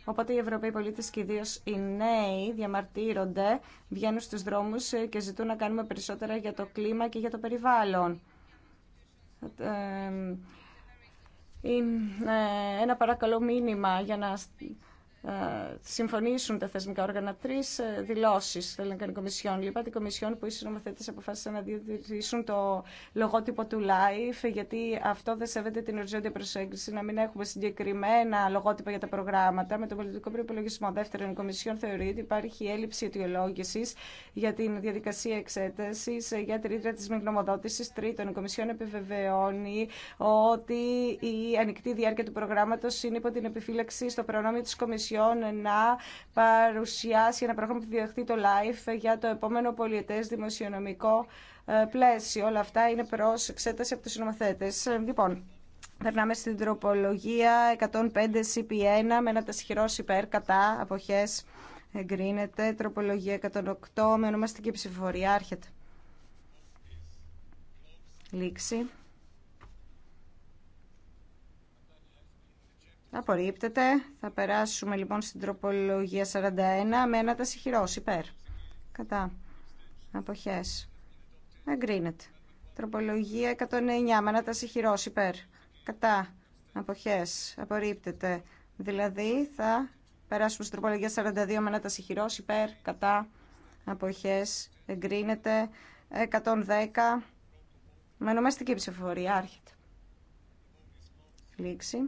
D: Οπότε οι Ευρωπαίοι πολίτε και ιδίω οι νέοι διαμαρτύρονται, βγαίνουν στου δρόμου και ζητούν να κάνουμε περισσότερα για το κλίμα και για το περιβάλλον. Είναι ένα παρακαλώ μήνυμα για να ε, συμφωνήσουν τα θεσμικά όργανα. Τρει δηλώσει θέλουν να κάνει η Κομισιόν. Λοιπόν, την Κομισιόν που οι συνομοθέτε αποφάσισαν να διατηρήσουν το λογότυπο του LIFE, γιατί αυτό δεν σέβεται την οριζόντια προσέγγιση, να μην έχουμε συγκεκριμένα λογότυπα για τα προγράμματα. Με τον πολιτικό προπολογισμό δεύτερον, η Κομισιόν θεωρεί ότι υπάρχει έλλειψη αιτιολόγηση για την διαδικασία εξέταση ε, για τη ρήτρα τη μη γνωμοδότηση. Τρίτον, η Κομισιόν επιβεβαιώνει ότι η ανοιχτή διάρκεια του προγράμματο είναι υπό την επιφύλαξη στο προνόμιο τη Κομισιόν να παρουσιάσει ένα πρόγραμμα που το live για το επόμενο πολιετές δημοσιονομικό ε, πλαίσιο. Όλα αυτά είναι προς εξέταση από τους συνομοθέτες. Ε, λοιπόν, Περνάμε στην τροπολογία 105 CP1 με ένα τεσχυρό υπέρ κατά αποχές εγκρίνεται. Τροπολογία 108 με ονομαστική ψηφοφορία άρχεται. Λήξη. Απορρίπτεται. Θα περάσουμε λοιπόν στην τροπολογία 41 με ένα τασιχυρός υπέρ. Κατά. Αποχές. Εγκρίνεται. Τροπολογία 109 με ένα τασιχυρός υπέρ. Κατά. Αποχές. Απορρίπτεται. Δηλαδή θα περάσουμε στην τροπολογία 42 με ένα τασιχυρός υπέρ. Κατά. Αποχές. Εγκρίνεται. 110 με ονομαστική ψηφοφορία. Άρχεται. Λήξη.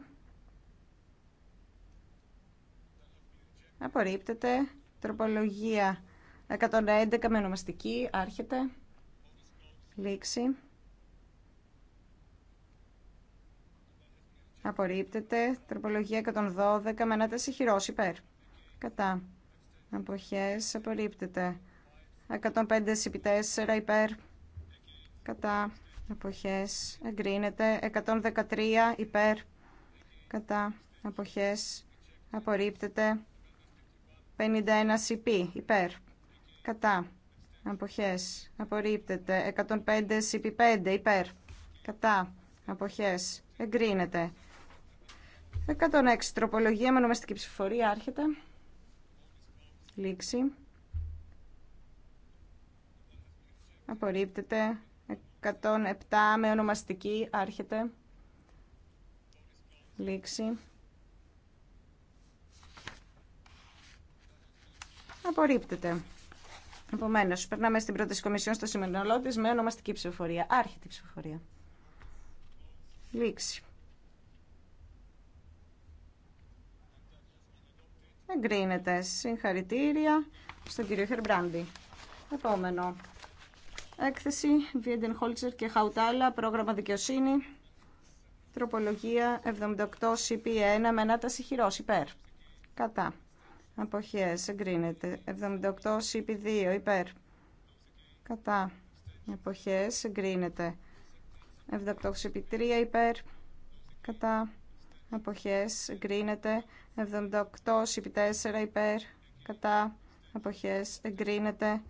D: Απορρίπτεται. Τροπολογία 111 με ονομαστική. Άρχεται. Λήξη. Απορρίπτεται. Τροπολογία 112 με ανάταση χειρός υπέρ. Κατά. Αποχές. Απορρίπτεται. 105 συμπι 4 υπέρ. Κατά. Αποχές. Εγκρίνεται. 113 υπέρ. Κατά. Αποχές. Απορρίπτεται. 51CP υπέρ. Κατά. Αποχές. Απορρίπτεται. 105CP5 υπέρ. Κατά. Αποχές. Εγκρίνεται. 106 τροπολογία με ονομαστική ψηφορία άρχεται. Λήξη. Απορρίπτεται. 107 με ονομαστική άρχεται. Λήξη. Απορρίπτεται. Επομένω, περνάμε στην πρόταση Κομισιόν στο σημερινό τη με ονομαστική ψηφοφορία. Άρχεται ψηφοφορία. Λήξη. Εγκρίνεται. Συγχαρητήρια στον κύριο Χερμπράντι. Επόμενο. Έκθεση Βιέντεν Χόλτσερ και Χαουτάλα, πρόγραμμα δικαιοσύνη. Τροπολογία 78 CP1 με ανάταση χειρό. υπέρ. Κατά. Αποχές εγκρίνεται. 78 CP2 υπέρ. Κατά. Αποχές εγκρίνεται. 78 CP3 υπέρ. Κατά. Αποχές εγκρίνεται. 78 CP4 υπέρ. Κατά. Αποχές εγκρίνεται.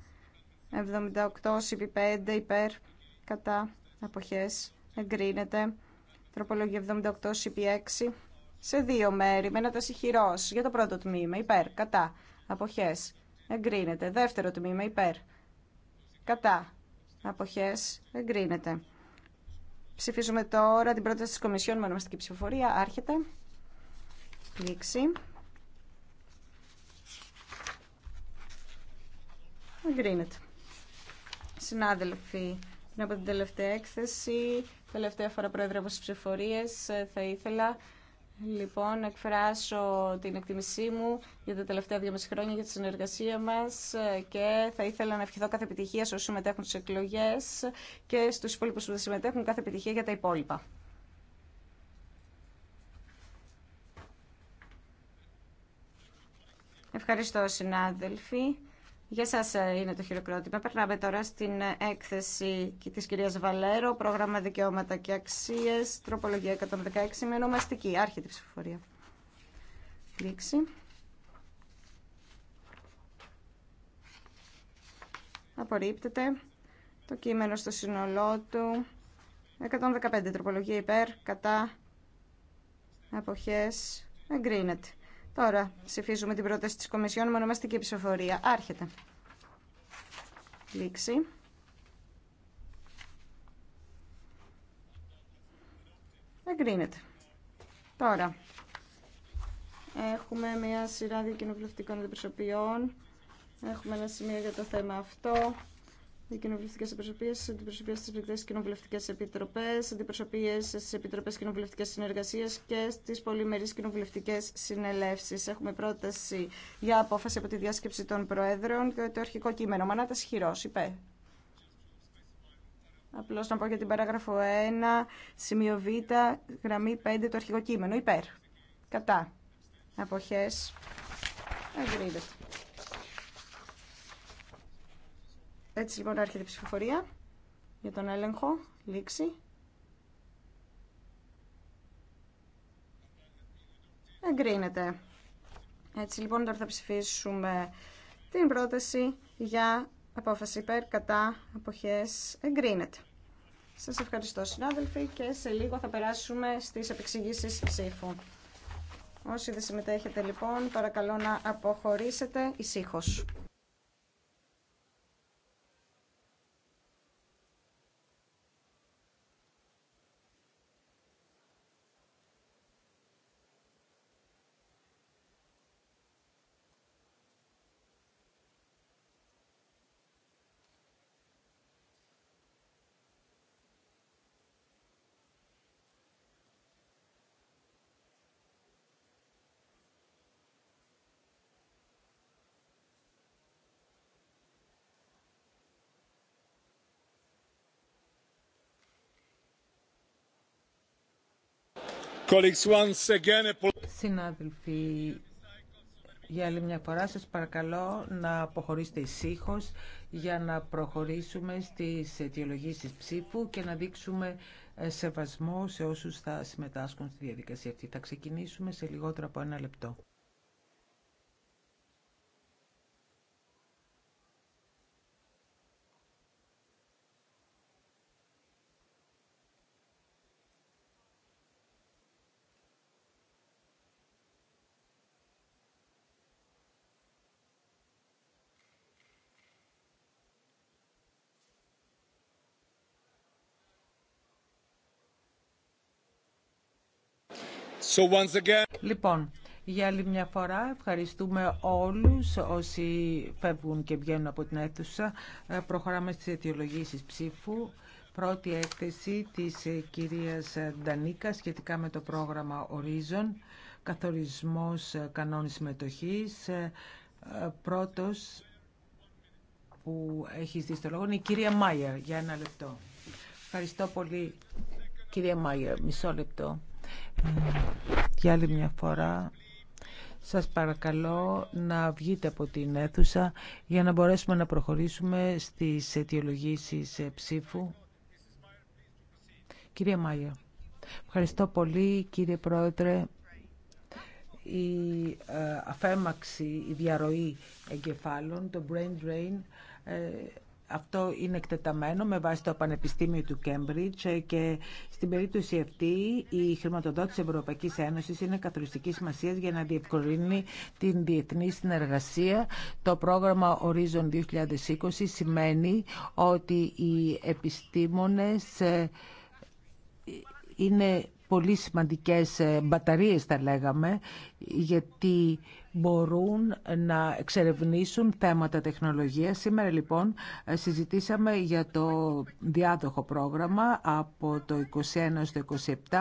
D: 78 CP5 υπέρ. Κατά. Αποχές εγκρίνεται. Τροπολογία 78 CP6 σε δύο μέρη, με ένα τασιχυρό. Για το πρώτο τμήμα, υπέρ, κατά. Αποχέ. Εγκρίνεται. Δεύτερο τμήμα, υπέρ. Κατά. Αποχέ. Εγκρίνεται. Ψηφίζουμε τώρα την πρόταση τη Κομισιόν με ονομαστική ψηφοφορία. Άρχεται. Λήξη. Εγκρίνεται. Συνάδελφοι, από την τελευταία έκθεση, τελευταία φορά πρόεδρε από τι ψηφορίε, ε, θα ήθελα λοιπόν εκφράσω την εκτιμησή μου για τα τελευταία δύο χρόνια για τη συνεργασία μας και θα ήθελα να ευχηθώ κάθε επιτυχία σε όσους συμμετέχουν στις εκλογές και στους υπόλοιπους που δεν συμμετέχουν κάθε επιτυχία για τα υπόλοιπα. Ευχαριστώ συνάδελφοι. Για σας ε, είναι το χειροκρότημα. Περνάμε τώρα στην έκθεση της κυρίας Βαλέρο, πρόγραμμα δικαιώματα και αξίες, τροπολογία 116 με ονομαστική. Άρχεται η ψηφοφορία. Λήξη. Απορρίπτεται το κείμενο στο σύνολό του. 115 τροπολογία υπέρ, κατά, αποχές, εγκρίνεται. Τώρα ψηφίζουμε την πρόταση της Κομισιόν με ονομαστική ψηφοφορία. Άρχεται. Λήξη. Εγκρίνεται. Τώρα, έχουμε μια σειρά διακοινοβουλευτικών αντιπροσωπιών. Έχουμε ένα σημείο για το θέμα αυτό οι κοινοβουλευτικέ αντιπροσωπείε, αντιπροσωπείε στι Βρυκτέ Κοινοβουλευτικέ Επιτροπέ, αντιπροσωπείε στι Επιτροπέ Κοινοβουλευτική Συνεργασία και στι Πολυμερεί Κοινοβουλευτικέ Συνελεύσει. Έχουμε πρόταση για απόφαση από τη διάσκεψη των Προέδρων και το αρχικό κείμενο. Μανάτα χειρό, υπέ. Απλώ να πω για την παράγραφο 1, σημείο Β, γραμμή 5, το αρχικό κείμενο. Υπέρ. Κατά. Αποχέ. Εγκρίνεται. Έτσι λοιπόν έρχεται η ψηφοφορία για τον έλεγχο, λήξη. Εγκρίνεται. Έτσι λοιπόν τώρα θα ψηφίσουμε την πρόταση για απόφαση υπέρ κατά αποχές εγκρίνεται. Σας ευχαριστώ συνάδελφοι και σε λίγο θα περάσουμε στις επεξηγήσεις ψήφου. Όσοι δεν συμμετέχετε λοιπόν, παρακαλώ να αποχωρήσετε ησύχως.
A: Συνάδελφοι, για άλλη μια φορά σας παρακαλώ να αποχωρήσετε ησύχως για να προχωρήσουμε στις αιτιολογήσεις ψήφου και να δείξουμε ε, σεβασμό σε όσους θα συμμετάσχουν στη διαδικασία αυτή. Θα ξεκινήσουμε σε λιγότερο από ένα λεπτό. Λοιπόν, για άλλη μια φορά ευχαριστούμε όλους όσοι φεύγουν και βγαίνουν από την αίθουσα. Ε, προχωράμε στις αιτιολογήσεις ψήφου. Πρώτη έκθεση της ε, κυρίας Ντανίκα σχετικά με το πρόγραμμα Ορίζων, καθορισμός ε, κανόνων συμμετοχής. Πρώτος που έχει δει στο λόγο είναι η κυρία Μάιερ για ένα λεπτό. Ευχαριστώ πολύ κυρία Μάιερ. Μισό λεπτό για άλλη μια φορά σας παρακαλώ να βγείτε από την αίθουσα για να μπορέσουμε να προχωρήσουμε στις αιτιολογήσεις ψήφου. Κυρία Μάγια, ευχαριστώ πολύ κύριε Πρόεδρε. Η ε, αφέμαξη, η διαρροή εγκεφάλων, το brain drain, ε, αυτό είναι εκτεταμένο με βάση το Πανεπιστήμιο του Κέμπριτζ και στην περίπτωση αυτή η χρηματοδότηση Ευρωπαϊκής Ένωσης είναι καθοριστική σημασία για να διευκολύνει την διεθνή συνεργασία. Το πρόγραμμα Horizon 2020 σημαίνει ότι οι επιστήμονες ε, είναι πολύ σημαντικές ε, μπαταρίες θα λέγαμε γιατί μπορούν να εξερευνήσουν θέματα τεχνολογίας. Σήμερα λοιπόν συζητήσαμε για το διάδοχο πρόγραμμα από το 21 στο 27.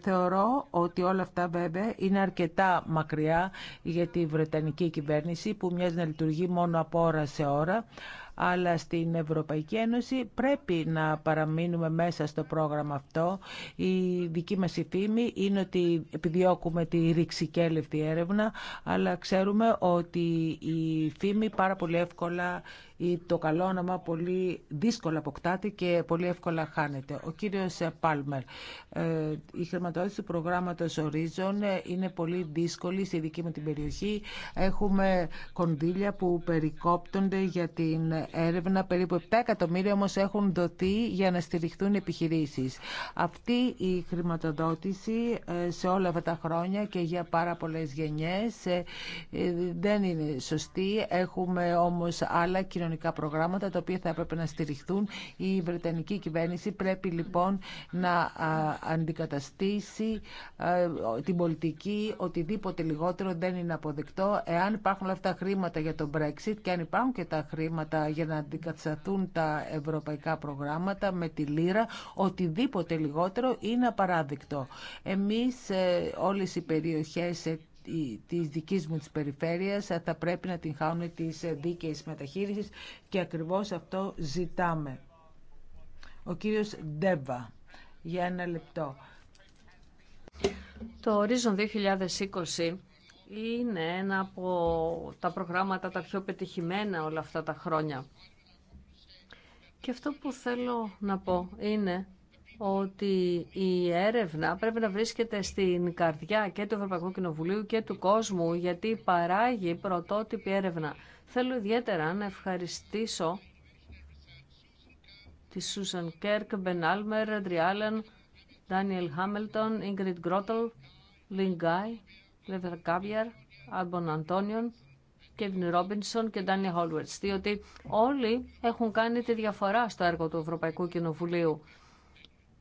A: Θεωρώ ότι όλα αυτά βέβαια είναι αρκετά μακριά για τη Βρετανική κυβέρνηση που μοιάζει να λειτουργεί μόνο από ώρα σε ώρα αλλά στην Ευρωπαϊκή Ένωση πρέπει να παραμείνουμε μέσα στο πρόγραμμα αυτό. Η δική μας η φήμη είναι ότι επιδιώκουμε τη ρηξικέλευτη έρευνα, αλλά ξέρουμε ότι η φήμη πάρα πολύ εύκολα ή το καλό όνομα πολύ δύσκολα αποκτάται και πολύ εύκολα χάνεται. Ο κύριος Πάλμερ, ε, η χρηματοδότηση του προγράμματος Ορίζων είναι πολύ δύσκολη στη δική μου την περιοχή. Έχουμε κονδύλια που περικόπτονται για την έρευνα. Περίπου 7 εκατομμύρια όμως έχουν δοθεί για να στηριχθούν επιχειρήσεις. Αυτή η χρηματοδότηση ε, σε όλα αυτά τα χρόνια και για πάρα πολλές γενιές ε, δεν είναι σωστή. Έχουμε όμως άλλα κοινωνικά κοινωνικά προγράμματα τα οποία θα έπρεπε να στηριχθούν. Η Βρετανική κυβέρνηση πρέπει λοιπόν να αντικαταστήσει την πολιτική οτιδήποτε λιγότερο δεν είναι αποδεκτό. Εάν υπάρχουν αυτά τα χρήματα για το Brexit και αν υπάρχουν και τα χρήματα για να αντικατασταθούν τα ευρωπαϊκά προγράμματα με τη λύρα, οτιδήποτε λιγότερο είναι απαράδεκτο. Εμείς ε, όλες οι περιοχές ε, της δικής μου της περιφέρειας θα πρέπει να την χάνουν τις δίκες μεταχείρισης και ακριβώς αυτό ζητάμε. Ο κύριος Ντέβα,
B: για ένα λεπτό. Το Horizon 2020 είναι ένα από τα προγράμματα τα πιο πετυχημένα όλα αυτά τα χρόνια. Και αυτό που θέλω να πω είναι ότι η έρευνα πρέπει να βρίσκεται στην καρδιά και του Ευρωπαϊκού Κοινοβουλίου και του κόσμου γιατί παράγει πρωτότυπη έρευνα. Θέλω ιδιαίτερα να ευχαριστήσω τη Σούσαν Κέρκ, Μπεν Άλμερ, Αντριάλεν, Ντάνιελ Χάμελτον, Ίγκριτ Γκρότολ, Λιγκάι, Λεβερ Κάβιαρ, Άλμπον Αντώνιον, Κέβιν Ρόμπινσον και Ντάνιελ Χόλουερτ. Διότι όλοι έχουν κάνει τη διαφορά στο έργο του Ευρωπαϊκού Κοινοβουλίου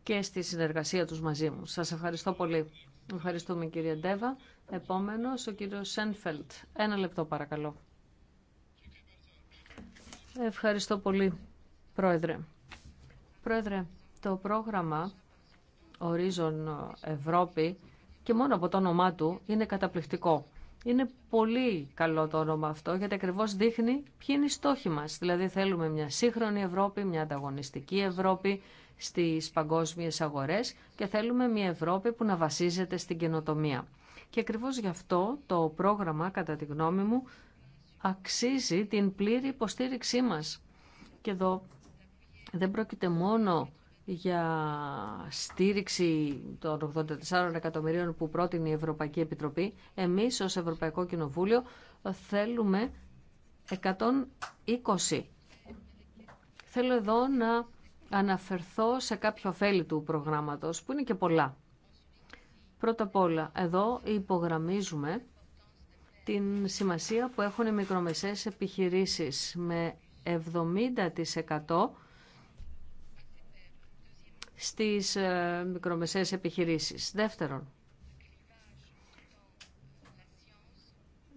B: και στη συνεργασία τους μαζί μου. Σας ευχαριστώ πολύ. Ευχαριστούμε κύριε Ντέβα. Επόμενος ο κύριος Σένφελτ. Ένα λεπτό παρακαλώ. Ευχαριστώ πολύ πρόεδρε. Πρόεδρε, το πρόγραμμα Ορίζον Ευρώπη και μόνο από το όνομά του είναι καταπληκτικό. Είναι πολύ καλό το όνομα αυτό γιατί ακριβώ δείχνει ποιοι είναι οι στόχοι μα. Δηλαδή θέλουμε μια σύγχρονη Ευρώπη, μια ανταγωνιστική Ευρώπη στι παγκόσμιε αγορέ και θέλουμε μια Ευρώπη που να βασίζεται στην καινοτομία. Και ακριβώ γι' αυτό το πρόγραμμα, κατά τη γνώμη μου, αξίζει την πλήρη υποστήριξή μα. Και εδώ δεν πρόκειται μόνο για στήριξη των 84 εκατομμυρίων που πρότεινε η Ευρωπαϊκή Επιτροπή, εμείς ως Ευρωπαϊκό Κοινοβούλιο θέλουμε 120. Θέλω εδώ να αναφερθώ σε κάποιο ωφέλη του προγράμματος, που είναι και πολλά. Πρώτα απ' όλα, εδώ υπογραμμίζουμε την σημασία που έχουν οι μικρομεσαίες επιχειρήσεις με 70% στις ε, μικρομεσαίες επιχειρήσεις. Δεύτερον,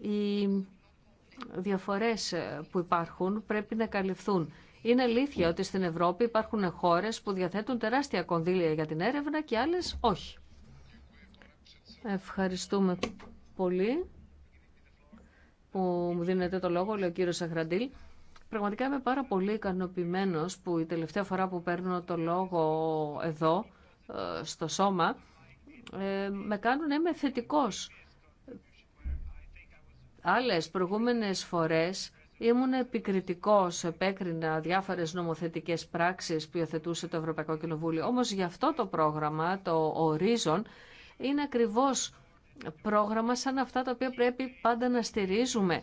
B: οι διαφορές ε, που υπάρχουν πρέπει να καλυφθούν. Είναι αλήθεια ότι στην Ευρώπη υπάρχουν χώρες που διαθέτουν τεράστια κονδύλια για την έρευνα και άλλες όχι. Ευχαριστούμε πολύ που μου δίνετε το λόγο, λέει ο κύριος Αχραντήλ. Πραγματικά είμαι πάρα πολύ ικανοποιημένο που η τελευταία φορά που παίρνω το λόγο εδώ, ε, στο σώμα, ε, με κάνουν να είμαι θετικός. Άλλες προηγούμενες φορές ήμουν επικριτικός, επέκρινα διάφορες νομοθετικές πράξεις που υιοθετούσε το Ευρωπαϊκό Κοινοβούλιο. Όμως γι' αυτό το πρόγραμμα, το Horizon, είναι ακριβώ πρόγραμμα σαν αυτά τα οποία πρέπει πάντα να στηρίζουμε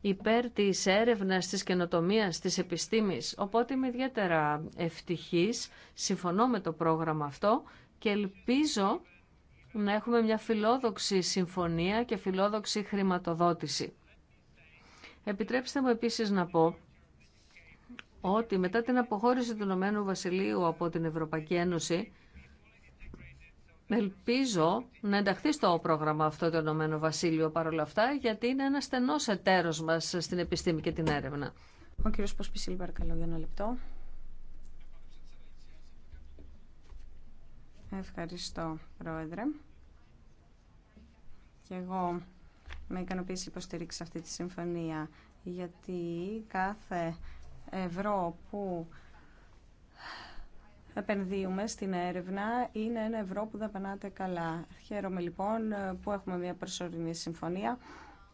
B: υπέρ της έρευνας, της καινοτομίας, της επιστήμης. Οπότε είμαι ιδιαίτερα ευτυχής, συμφωνώ με το πρόγραμμα αυτό και ελπίζω να έχουμε μια φιλόδοξη συμφωνία και φιλόδοξη χρηματοδότηση. Επιτρέψτε μου επίσης να πω ότι μετά την αποχώρηση του Ηνωμένου Βασιλείου από την Ευρωπαϊκή Ένωση, Ελπίζω να ενταχθεί στο πρόγραμμα αυτό το Ηνωμένο Βασίλειο παρόλα αυτά, γιατί είναι ένα στενό εταίρο μα στην επιστήμη και την έρευνα. Ο κύριο Ποσπισίλ, παρακαλώ, για ένα λεπτό.
D: Ευχαριστώ, Πρόεδρε. Και εγώ με ικανοποίηση υποστήριξα αυτή τη συμφωνία, γιατί κάθε ευρώ που επενδύουμε στην έρευνα είναι ένα ευρώ που περνάτε καλά. Χαίρομαι λοιπόν που έχουμε μια προσωρινή συμφωνία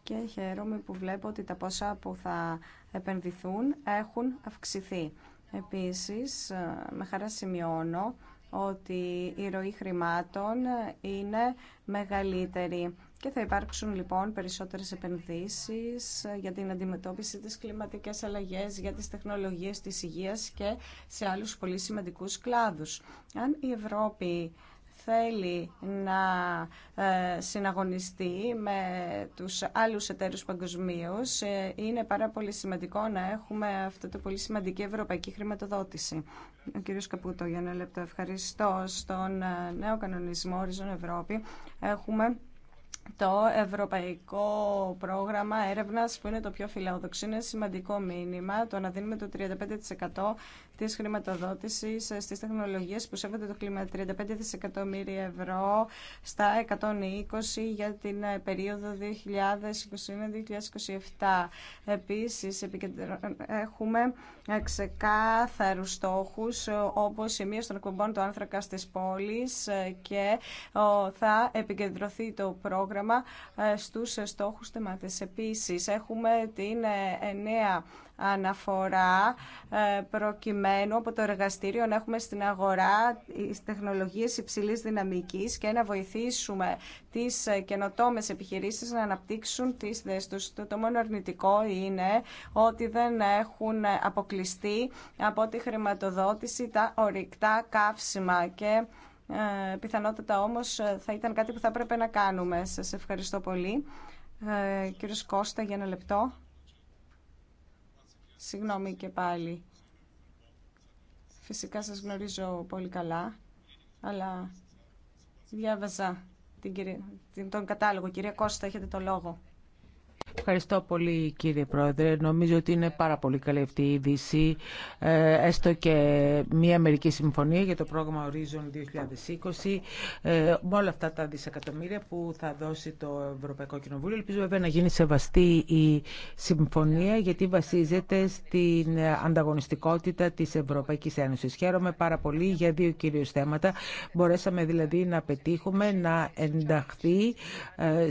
D: και χαίρομαι που βλέπω ότι τα ποσά που θα επενδυθούν έχουν αυξηθεί. Επίσης, με χαρά σημειώνω ότι η ροή χρημάτων είναι μεγαλύτερη και θα υπάρξουν λοιπόν περισσότερες επενδύσεις ε, για την αντιμετώπιση της κλιματικής αλλαγής, για τις τεχνολογίες της υγείας και σε άλλους πολύ σημαντικούς κλάδους. Αν η Ευρώπη θέλει να ε, συναγωνιστεί με τους άλλους εταίρους παγκοσμίω, ε, είναι πάρα πολύ σημαντικό να έχουμε αυτή το πολύ σημαντική ευρωπαϊκή χρηματοδότηση. Ο κ. Καπούτο, για ένα λεπτό. Ευχαριστώ. Στον νέο κανονισμό Horizon Ευρώπη έχουμε το Ευρωπαϊκό Πρόγραμμα Έρευνας που είναι το πιο φιλόδοξο. Είναι σημαντικό μήνυμα το να δίνουμε το 35% της χρηματοδότησης ε, στις τεχνολογίες που σέβονται το κλίμα. 35 δισεκατομμύρια ευρώ στα 120 για την ε, περίοδο 2021-2027. Επίσης, έχουμε ε, ξεκάθαρους στόχους όπως η μείωση των εκπομπών του άνθρακα στις πόλεις και θα επικεντρωθεί το πρόγραμμα στους στόχους θεμάτες. Επίσης, έχουμε την νέα αναφορά ε, προκειμένου από το εργαστήριο να έχουμε στην αγορά τεχνολογίες υψηλής δυναμικής και να βοηθήσουμε τις ε, καινοτόμες επιχειρήσεις να αναπτύξουν τις δέστος. Το μόνο αρνητικό είναι ότι δεν έχουν αποκλειστεί από τη χρηματοδότηση τα ορυκτά καύσιμα και ε, πιθανότατα όμως θα ήταν κάτι που θα έπρεπε να κάνουμε. Σας ευχαριστώ πολύ. Ε, κύριος Κώστα για ένα λεπτό. Συγγνώμη και πάλι. Φυσικά σας γνωρίζω πολύ καλά, αλλά διάβαζα την, τον κατάλογο. Κυρία Κώστα, έχετε το λόγο.
A: Ευχαριστώ πολύ κύριε Πρόεδρε. Νομίζω ότι είναι πάρα πολύ καλή αυτή η είδηση. Ε, έστω και μια μερική συμφωνία για το πρόγραμμα Horizon 2020 ε, με όλα αυτά τα δισεκατομμύρια που θα δώσει το Ευρωπαϊκό Κοινοβούλιο. Ελπίζω βέβαια να γίνει σεβαστή η συμφωνία γιατί βασίζεται στην ανταγωνιστικότητα της Ευρωπαϊκής Ένωσης. Χαίρομαι πάρα πολύ για δύο κυρίως θέματα. Μπορέσαμε δηλαδή να πετύχουμε να ενταχθεί ε,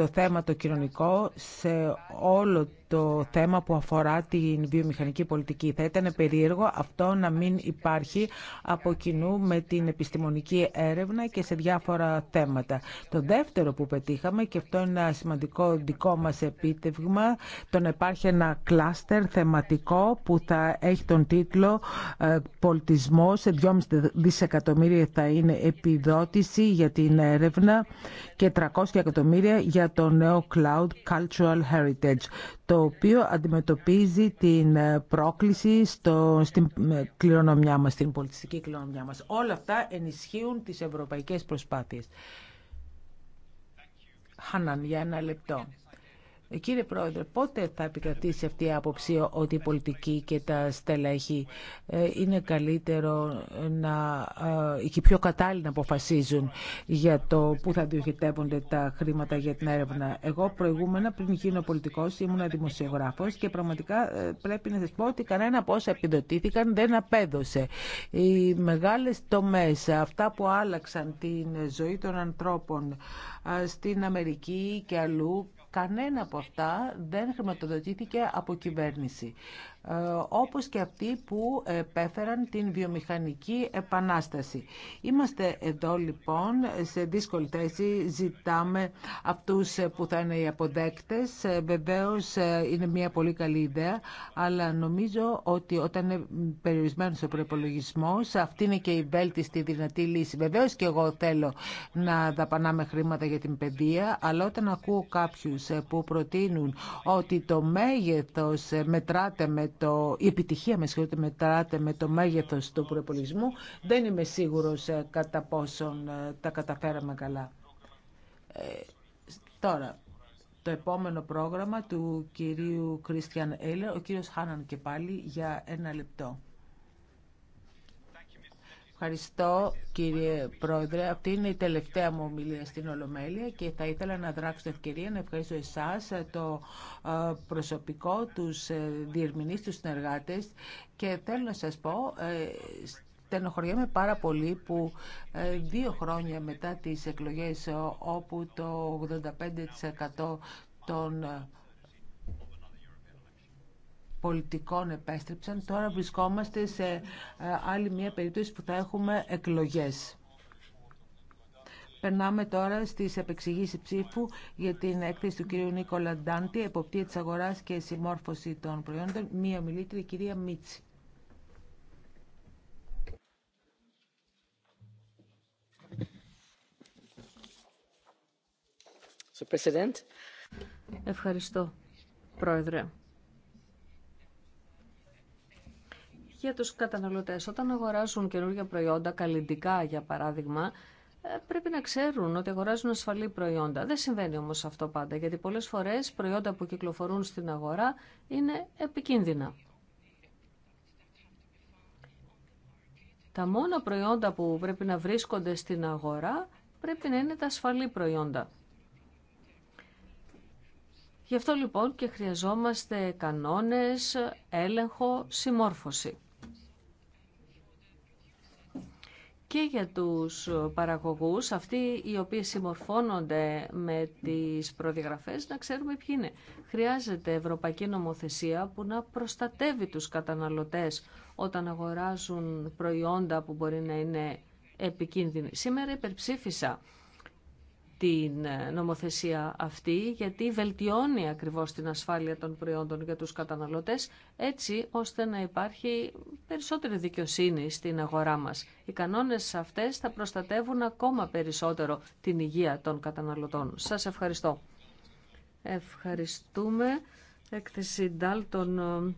A: το θέμα το κοινωνικό σε όλο το θέμα που αφορά την βιομηχανική πολιτική. Θα ήταν περίεργο αυτό να μην υπάρχει από κοινού με την επιστημονική έρευνα και σε διάφορα θέματα. Το δεύτερο που πετύχαμε, και αυτό είναι ένα σημαντικό δικό μας επίτευγμα, το να υπάρχει ένα κλάστερ θεματικό που θα έχει τον τίτλο ε, «Πολιτισμό σε 2,5 δισεκατομμύρια θα είναι επιδότηση για την έρευνα και 300 εκατομμύρια για το νέο Cloud Cultural Heritage». Το το οποίο αντιμετωπίζει την ε, πρόκληση στο, στην ε, κληρονομιά μας, στην πολιτιστική κληρονομιά μας. Όλα αυτά ενισχύουν τις ευρωπαϊκές προσπάθειες. Χάναν, για ένα λεπτό. Ε, κύριε Πρόεδρε, πότε θα επικρατήσει αυτή η άποψη ότι η πολιτική και τα στελέχη ε, είναι καλύτερο να, ε, και πιο κατάλληλοι να αποφασίζουν για το πού θα διοχετεύονται τα χρήματα για την έρευνα. Εγώ προηγούμενα, πριν γίνω πολιτικό, ήμουν δημοσιογράφο και πραγματικά πρέπει να σα πω ότι κανένα από όσα επιδοτήθηκαν δεν απέδωσε. Οι μεγάλε τομέ, αυτά που άλλαξαν την ζωή των ανθρώπων στην Αμερική και αλλού, Κανένα από αυτά δεν χρηματοδοτήθηκε από κυβέρνηση. Ε, όπως και αυτοί που επέφεραν την βιομηχανική επανάσταση. Είμαστε εδώ λοιπόν σε δύσκολη θέση, ζητάμε αυτούς που θα είναι οι αποδέκτες. Ε, βεβαίως ε, είναι μια πολύ καλή ιδέα, αλλά νομίζω ότι όταν είναι περιορισμένος ο προπολογισμό, αυτή είναι και η βέλτιστη δυνατή λύση. Βεβαίως και εγώ θέλω να δαπανάμε χρήματα για την παιδεία, αλλά όταν ακούω κάποιους που προτείνουν ότι το μέγεθος μετράται με το, η επιτυχία με συγχωρείτε με το μέγεθος του προπολογισμού, δεν είμαι σίγουρος ε, κατά πόσον ε, τα καταφέραμε καλά. Ε, τώρα, το επόμενο πρόγραμμα του κυρίου Κρίστιαν Έλε, ο κύριος Χάναν και πάλι για ένα λεπτό. Ευχαριστώ κύριε Πρόεδρε. Αυτή είναι η τελευταία μου ομιλία στην Ολομέλεια και θα ήθελα να δράξω την ευκαιρία να ευχαριστώ εσάς, το ε, προσωπικό, τους ε, διερμηνείς, τους συνεργάτες και θέλω να σας πω, ε, στενοχωριέμαι πάρα πολύ που δύο χρόνια μετά τις εκλογές όπου το 85% των πολιτικών επέστρεψαν, τώρα βρισκόμαστε σε ε, άλλη μια περίπτωση που θα έχουμε εκλογές. Περνάμε τώρα στις επεξηγήσεις ψήφου για την έκθεση του κυρίου Νίκολα Ντάντη εποπτεία τη αγοράς και συμμόρφωση των προϊόντων. Μία μιλήτρια, η κυρία Μίτση.
B: Ευχαριστώ, Πρόεδρε. για τους καταναλωτές. Όταν αγοράζουν καινούργια προϊόντα, καλλιντικά για παράδειγμα, ε, πρέπει να ξέρουν ότι αγοράζουν ασφαλή προϊόντα. Δεν συμβαίνει όμως αυτό πάντα, γιατί πολλές φορές προϊόντα που κυκλοφορούν στην αγορά είναι επικίνδυνα. Τα μόνα προϊόντα που πρέπει να βρίσκονται στην αγορά πρέπει να είναι τα ασφαλή προϊόντα. Γι' αυτό λοιπόν και χρειαζόμαστε κανόνες, έλεγχο, συμμόρφωση. και για τους παραγωγούς, αυτοί οι οποίοι συμμορφώνονται με τις προδιαγραφές, να ξέρουμε ποιοι είναι. Χρειάζεται ευρωπαϊκή νομοθεσία που να προστατεύει τους καταναλωτές όταν αγοράζουν προϊόντα που μπορεί να είναι επικίνδυνοι. Σήμερα υπερψήφισα την ε, νομοθεσία αυτή γιατί βελτιώνει ακριβώς την ασφάλεια των προϊόντων για τους καταναλωτές έτσι ώστε να υπάρχει περισσότερη δικαιοσύνη στην αγορά μας. Οι κανόνες αυτές θα προστατεύουν ακόμα περισσότερο την υγεία των καταναλωτών. Σας ευχαριστώ. Ευχαριστούμε. Έκθεση Ντάλτον ε,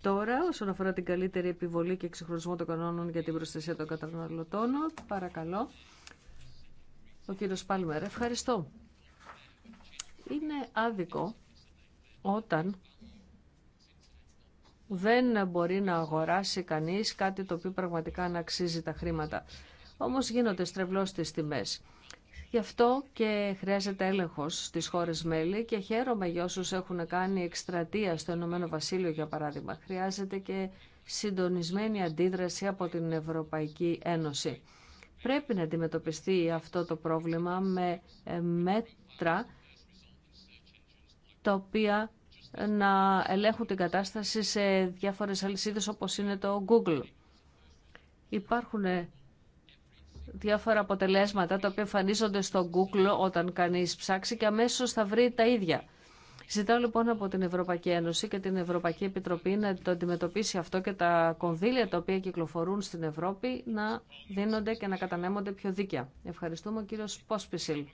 B: τώρα όσον αφορά την καλύτερη επιβολή και εξυγχρονισμό των κανόνων για την προστασία των καταναλωτών. Παρακαλώ. Ο κύριος Πάλμερ, ευχαριστώ. Είναι άδικο όταν δεν μπορεί να αγοράσει κανείς κάτι το οποίο πραγματικά να αξίζει τα χρήματα. Όμως γίνονται τις τιμές. Γι' αυτό και χρειάζεται έλεγχος στις χώρες μέλη και χαίρομαι για όσου έχουν κάνει εκστρατεία στο Ηνωμένο Βασίλειο, για παράδειγμα. Χρειάζεται και συντονισμένη αντίδραση από την Ευρωπαϊκή Ένωση. Πρέπει να αντιμετωπιστεί αυτό το πρόβλημα με ε, μέτρα τα οποία να ελέγχουν την κατάσταση σε διάφορες αλυσίδες όπως είναι το Google. Υπάρχουν ε, διάφορα αποτελέσματα τα οποία εμφανίζονται στο Google όταν κανείς ψάξει και αμέσως θα βρει τα ίδια. Ζητάω λοιπόν από την Ευρωπαϊκή Ένωση και την Ευρωπαϊκή Επιτροπή να το αντιμετωπίσει αυτό και τα κονδύλια τα οποία κυκλοφορούν στην Ευρώπη να δίνονται και να κατανέμονται πιο δίκαια. Ευχαριστούμε ο κύριος Πόσπισιλ.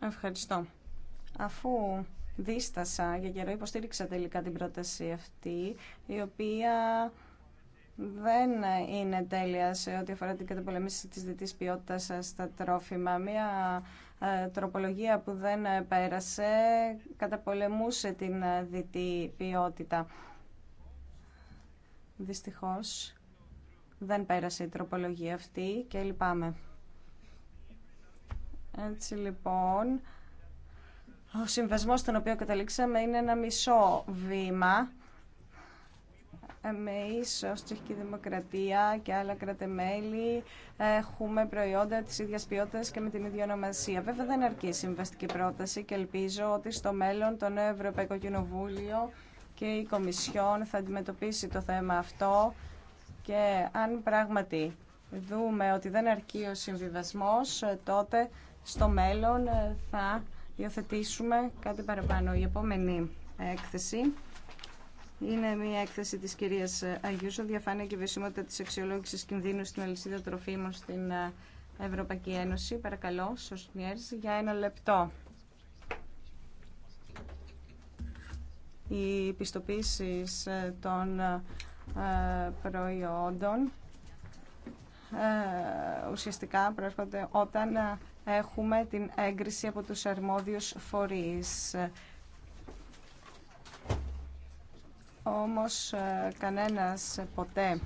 B: Ευχαριστώ.
D: Αφού δίστασα για καιρό υποστήριξα τελικά την πρόταση αυτή, η οποία δεν είναι τέλεια σε ό,τι αφορά την καταπολεμήση της δυτής ποιότητας στα τρόφιμα. Μία ε, τροπολογία που δεν πέρασε καταπολεμούσε την ε, δυτή ποιότητα. Δυστυχώς δεν πέρασε η τροπολογία αυτή και λυπάμαι. Έτσι λοιπόν, ο συμβασμός στον οποίο καταλήξαμε είναι ένα μισό βήμα εμείς ως Τσεχική Δημοκρατία και άλλα κρατεμέλη έχουμε προϊόντα της ίδιας ποιότητας και με την ίδια ονομασία. Βέβαια δεν αρκεί η συμβαστική πρόταση και ελπίζω ότι στο μέλλον το νέο Ευρωπαϊκό Κοινοβούλιο και η Κομισιόν θα αντιμετωπίσει το θέμα αυτό και αν πράγματι δούμε ότι δεν αρκεί ο συμβιβασμός, τότε στο μέλλον θα υιοθετήσουμε κάτι παραπάνω. Η επόμενη έκθεση είναι μια έκθεση της κυρίας Αγιούσο, διαφάνεια και βεσιμότητα της αξιολόγησης κινδύνου στην αλυσίδα τροφίμων στην ε, Ευρωπαϊκή Ένωση. Παρακαλώ, Σοσνιέρς, για ένα λεπτό. Οι πιστοποίησεις ε, των ε, προϊόντων ουσιαστικά προέρχονται όταν έχουμε την έγκριση από τους αρμόδιους φορείς. όμως ε, κανένας ποτέ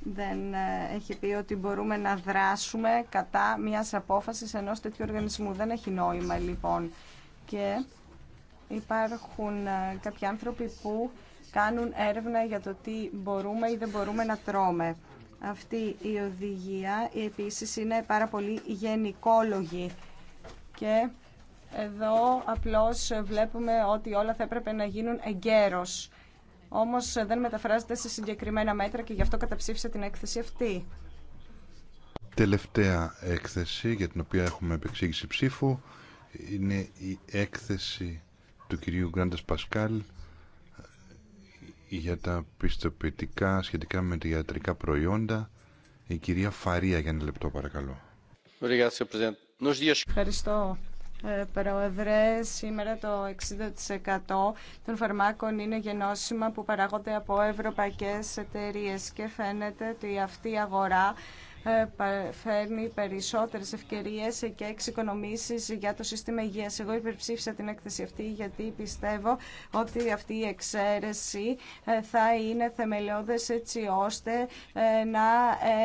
D: δεν ε, έχει πει ότι μπορούμε να δράσουμε κατά μιας απόφασης ενός τέτοιου οργανισμού. Δεν έχει νόημα λοιπόν. Και υπάρχουν ε, κάποιοι άνθρωποι που κάνουν έρευνα για το τι μπορούμε ή δεν μπορούμε να τρώμε. Αυτή η οδηγία επίσης είναι πάρα πολύ γενικόλογη και εδώ απλώς βλέπουμε ότι όλα θα έπρεπε να γίνουν εγκαίρως. Όμως δεν μεταφράζεται σε συγκεκριμένα μέτρα και γι' αυτό καταψήφισα την έκθεση αυτή.
B: Τελευταία έκθεση για την οποία έχουμε επεξήγηση ψήφου είναι η έκθεση του κυρίου Γκράντας Πασκάλ για τα πιστοποιητικά σχετικά με τα ιατρικά προϊόντα. Η κυρία Φαρία για ένα λεπτό παρακαλώ.
D: Ευχαριστώ. Ε, πρόεδρε, σήμερα το 60% των φαρμάκων είναι γενώσιμα που παράγονται από ευρωπαϊκές εταιρείες και φαίνεται ότι αυτή η αγορά ε, φέρνει περισσότερες ευκαιρίες και εξοικονομήσεις για το σύστημα υγείας. Εγώ υπερψήφισα την έκθεση αυτή γιατί πιστεύω ότι αυτή η εξαίρεση ε, θα είναι θεμελιώδες έτσι ώστε ε, να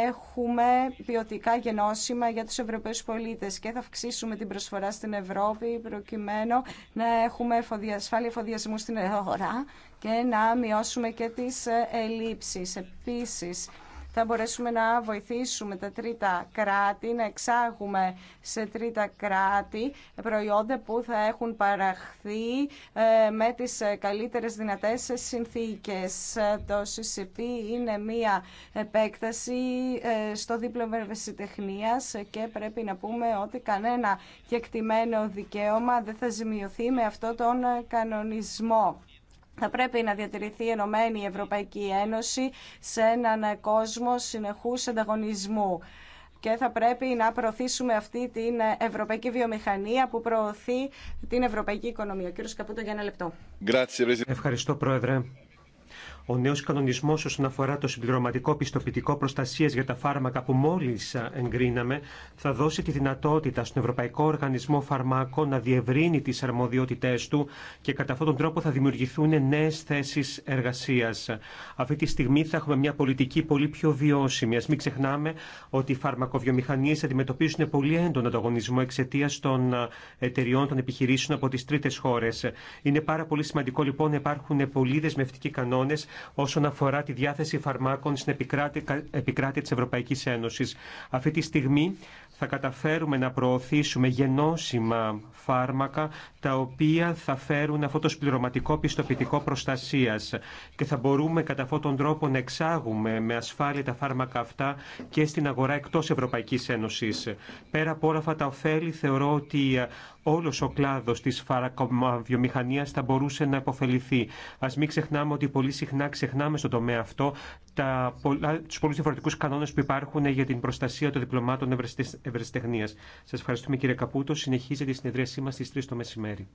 D: έχουμε ποιοτικά γενώσιμα για τους Ευρωπαίους πολίτες και θα αυξήσουμε την προσφορά στην Ευρώπη προκειμένου να έχουμε ασφάλεια εφοδιασμού στην αγορά και να μειώσουμε και τις ελλείψεις. Επίσης, θα μπορέσουμε να βοηθήσουμε τα τρίτα κράτη, να εξάγουμε σε τρίτα κράτη προϊόντα που θα έχουν παραχθεί ε, με τις καλύτερες δυνατές συνθήκες. Το CCP είναι μία επέκταση ε, στο δίπλωμα ευαισθητεχνίας και πρέπει να πούμε ότι κανένα κεκτημένο δικαίωμα δεν θα ζημιωθεί με αυτό τον κανονισμό θα πρέπει να διατηρηθεί η Ενωμένη Ευρωπαϊκή Ένωση σε έναν κόσμο συνεχούς ανταγωνισμού και θα πρέπει να προωθήσουμε αυτή την ευρωπαϊκή βιομηχανία που προωθεί την ευρωπαϊκή οικονομία. Κύριο Καπούτο, για ένα λεπτό.
C: Ευχαριστώ, Πρόεδρε. Ο νέο κανονισμό, όσον αφορά το συμπληρωματικό πιστοποιητικό προστασία για τα φάρμακα που μόλι εγκρίναμε θα δώσει τη δυνατότητα στον Ευρωπαϊκό Οργανισμό Φαρμάκων να διευρύνει τι αρμοδιότητε του και κατά αυτόν τον τρόπο θα δημιουργηθούν νέε θέσει εργασία. Αυτή τη στιγμή θα έχουμε μια πολιτική πολύ πιο βιώσιμη. Ας μην ξεχνάμε ότι οι φαρμακοβιομηχανίε αντιμετωπίζουν πολύ έντονο ανταγωνισμό εξαιτία των εταιριών των επιχειρήσεων από τι τρίτε χώρε. Είναι πάρα πολύ σημαντικό λοιπόν να υπάρχουν πολύ δεσμευτικοί κανόνε όσον αφορά τη διάθεση φαρμάκων στην επικράτεια της Ευρωπαϊκής Ένωσης. Αυτή τη στιγμή θα καταφέρουμε να προωθήσουμε γενώσιμα φάρμακα τα οποία θα φέρουν αυτό το σπληρωματικό πιστοποιητικό προστασίας και θα μπορούμε κατά αυτόν τον τρόπο να εξάγουμε με ασφάλεια τα φάρμακα αυτά και στην αγορά εκτός Ευρωπαϊκής Ένωσης. Πέρα από όλα αυτά τα ωφέλη θεωρώ ότι όλος ο κλάδος της φαρακομαβιομηχανία θα μπορούσε να υποφεληθεί. Ας μην ξεχνάμε ότι πολύ συχνά ξεχνάμε στον τομέα αυτό τους πολλού διαφορετικού κανόνες που υπάρχουν για την προστασία των διπλωμάτων ευρεσιτεχνία. Σας ευχαριστούμε κύριε Καπούτο. Συνεχίζεται η συνεδρίασή μας στις 3 το μεσημέρι.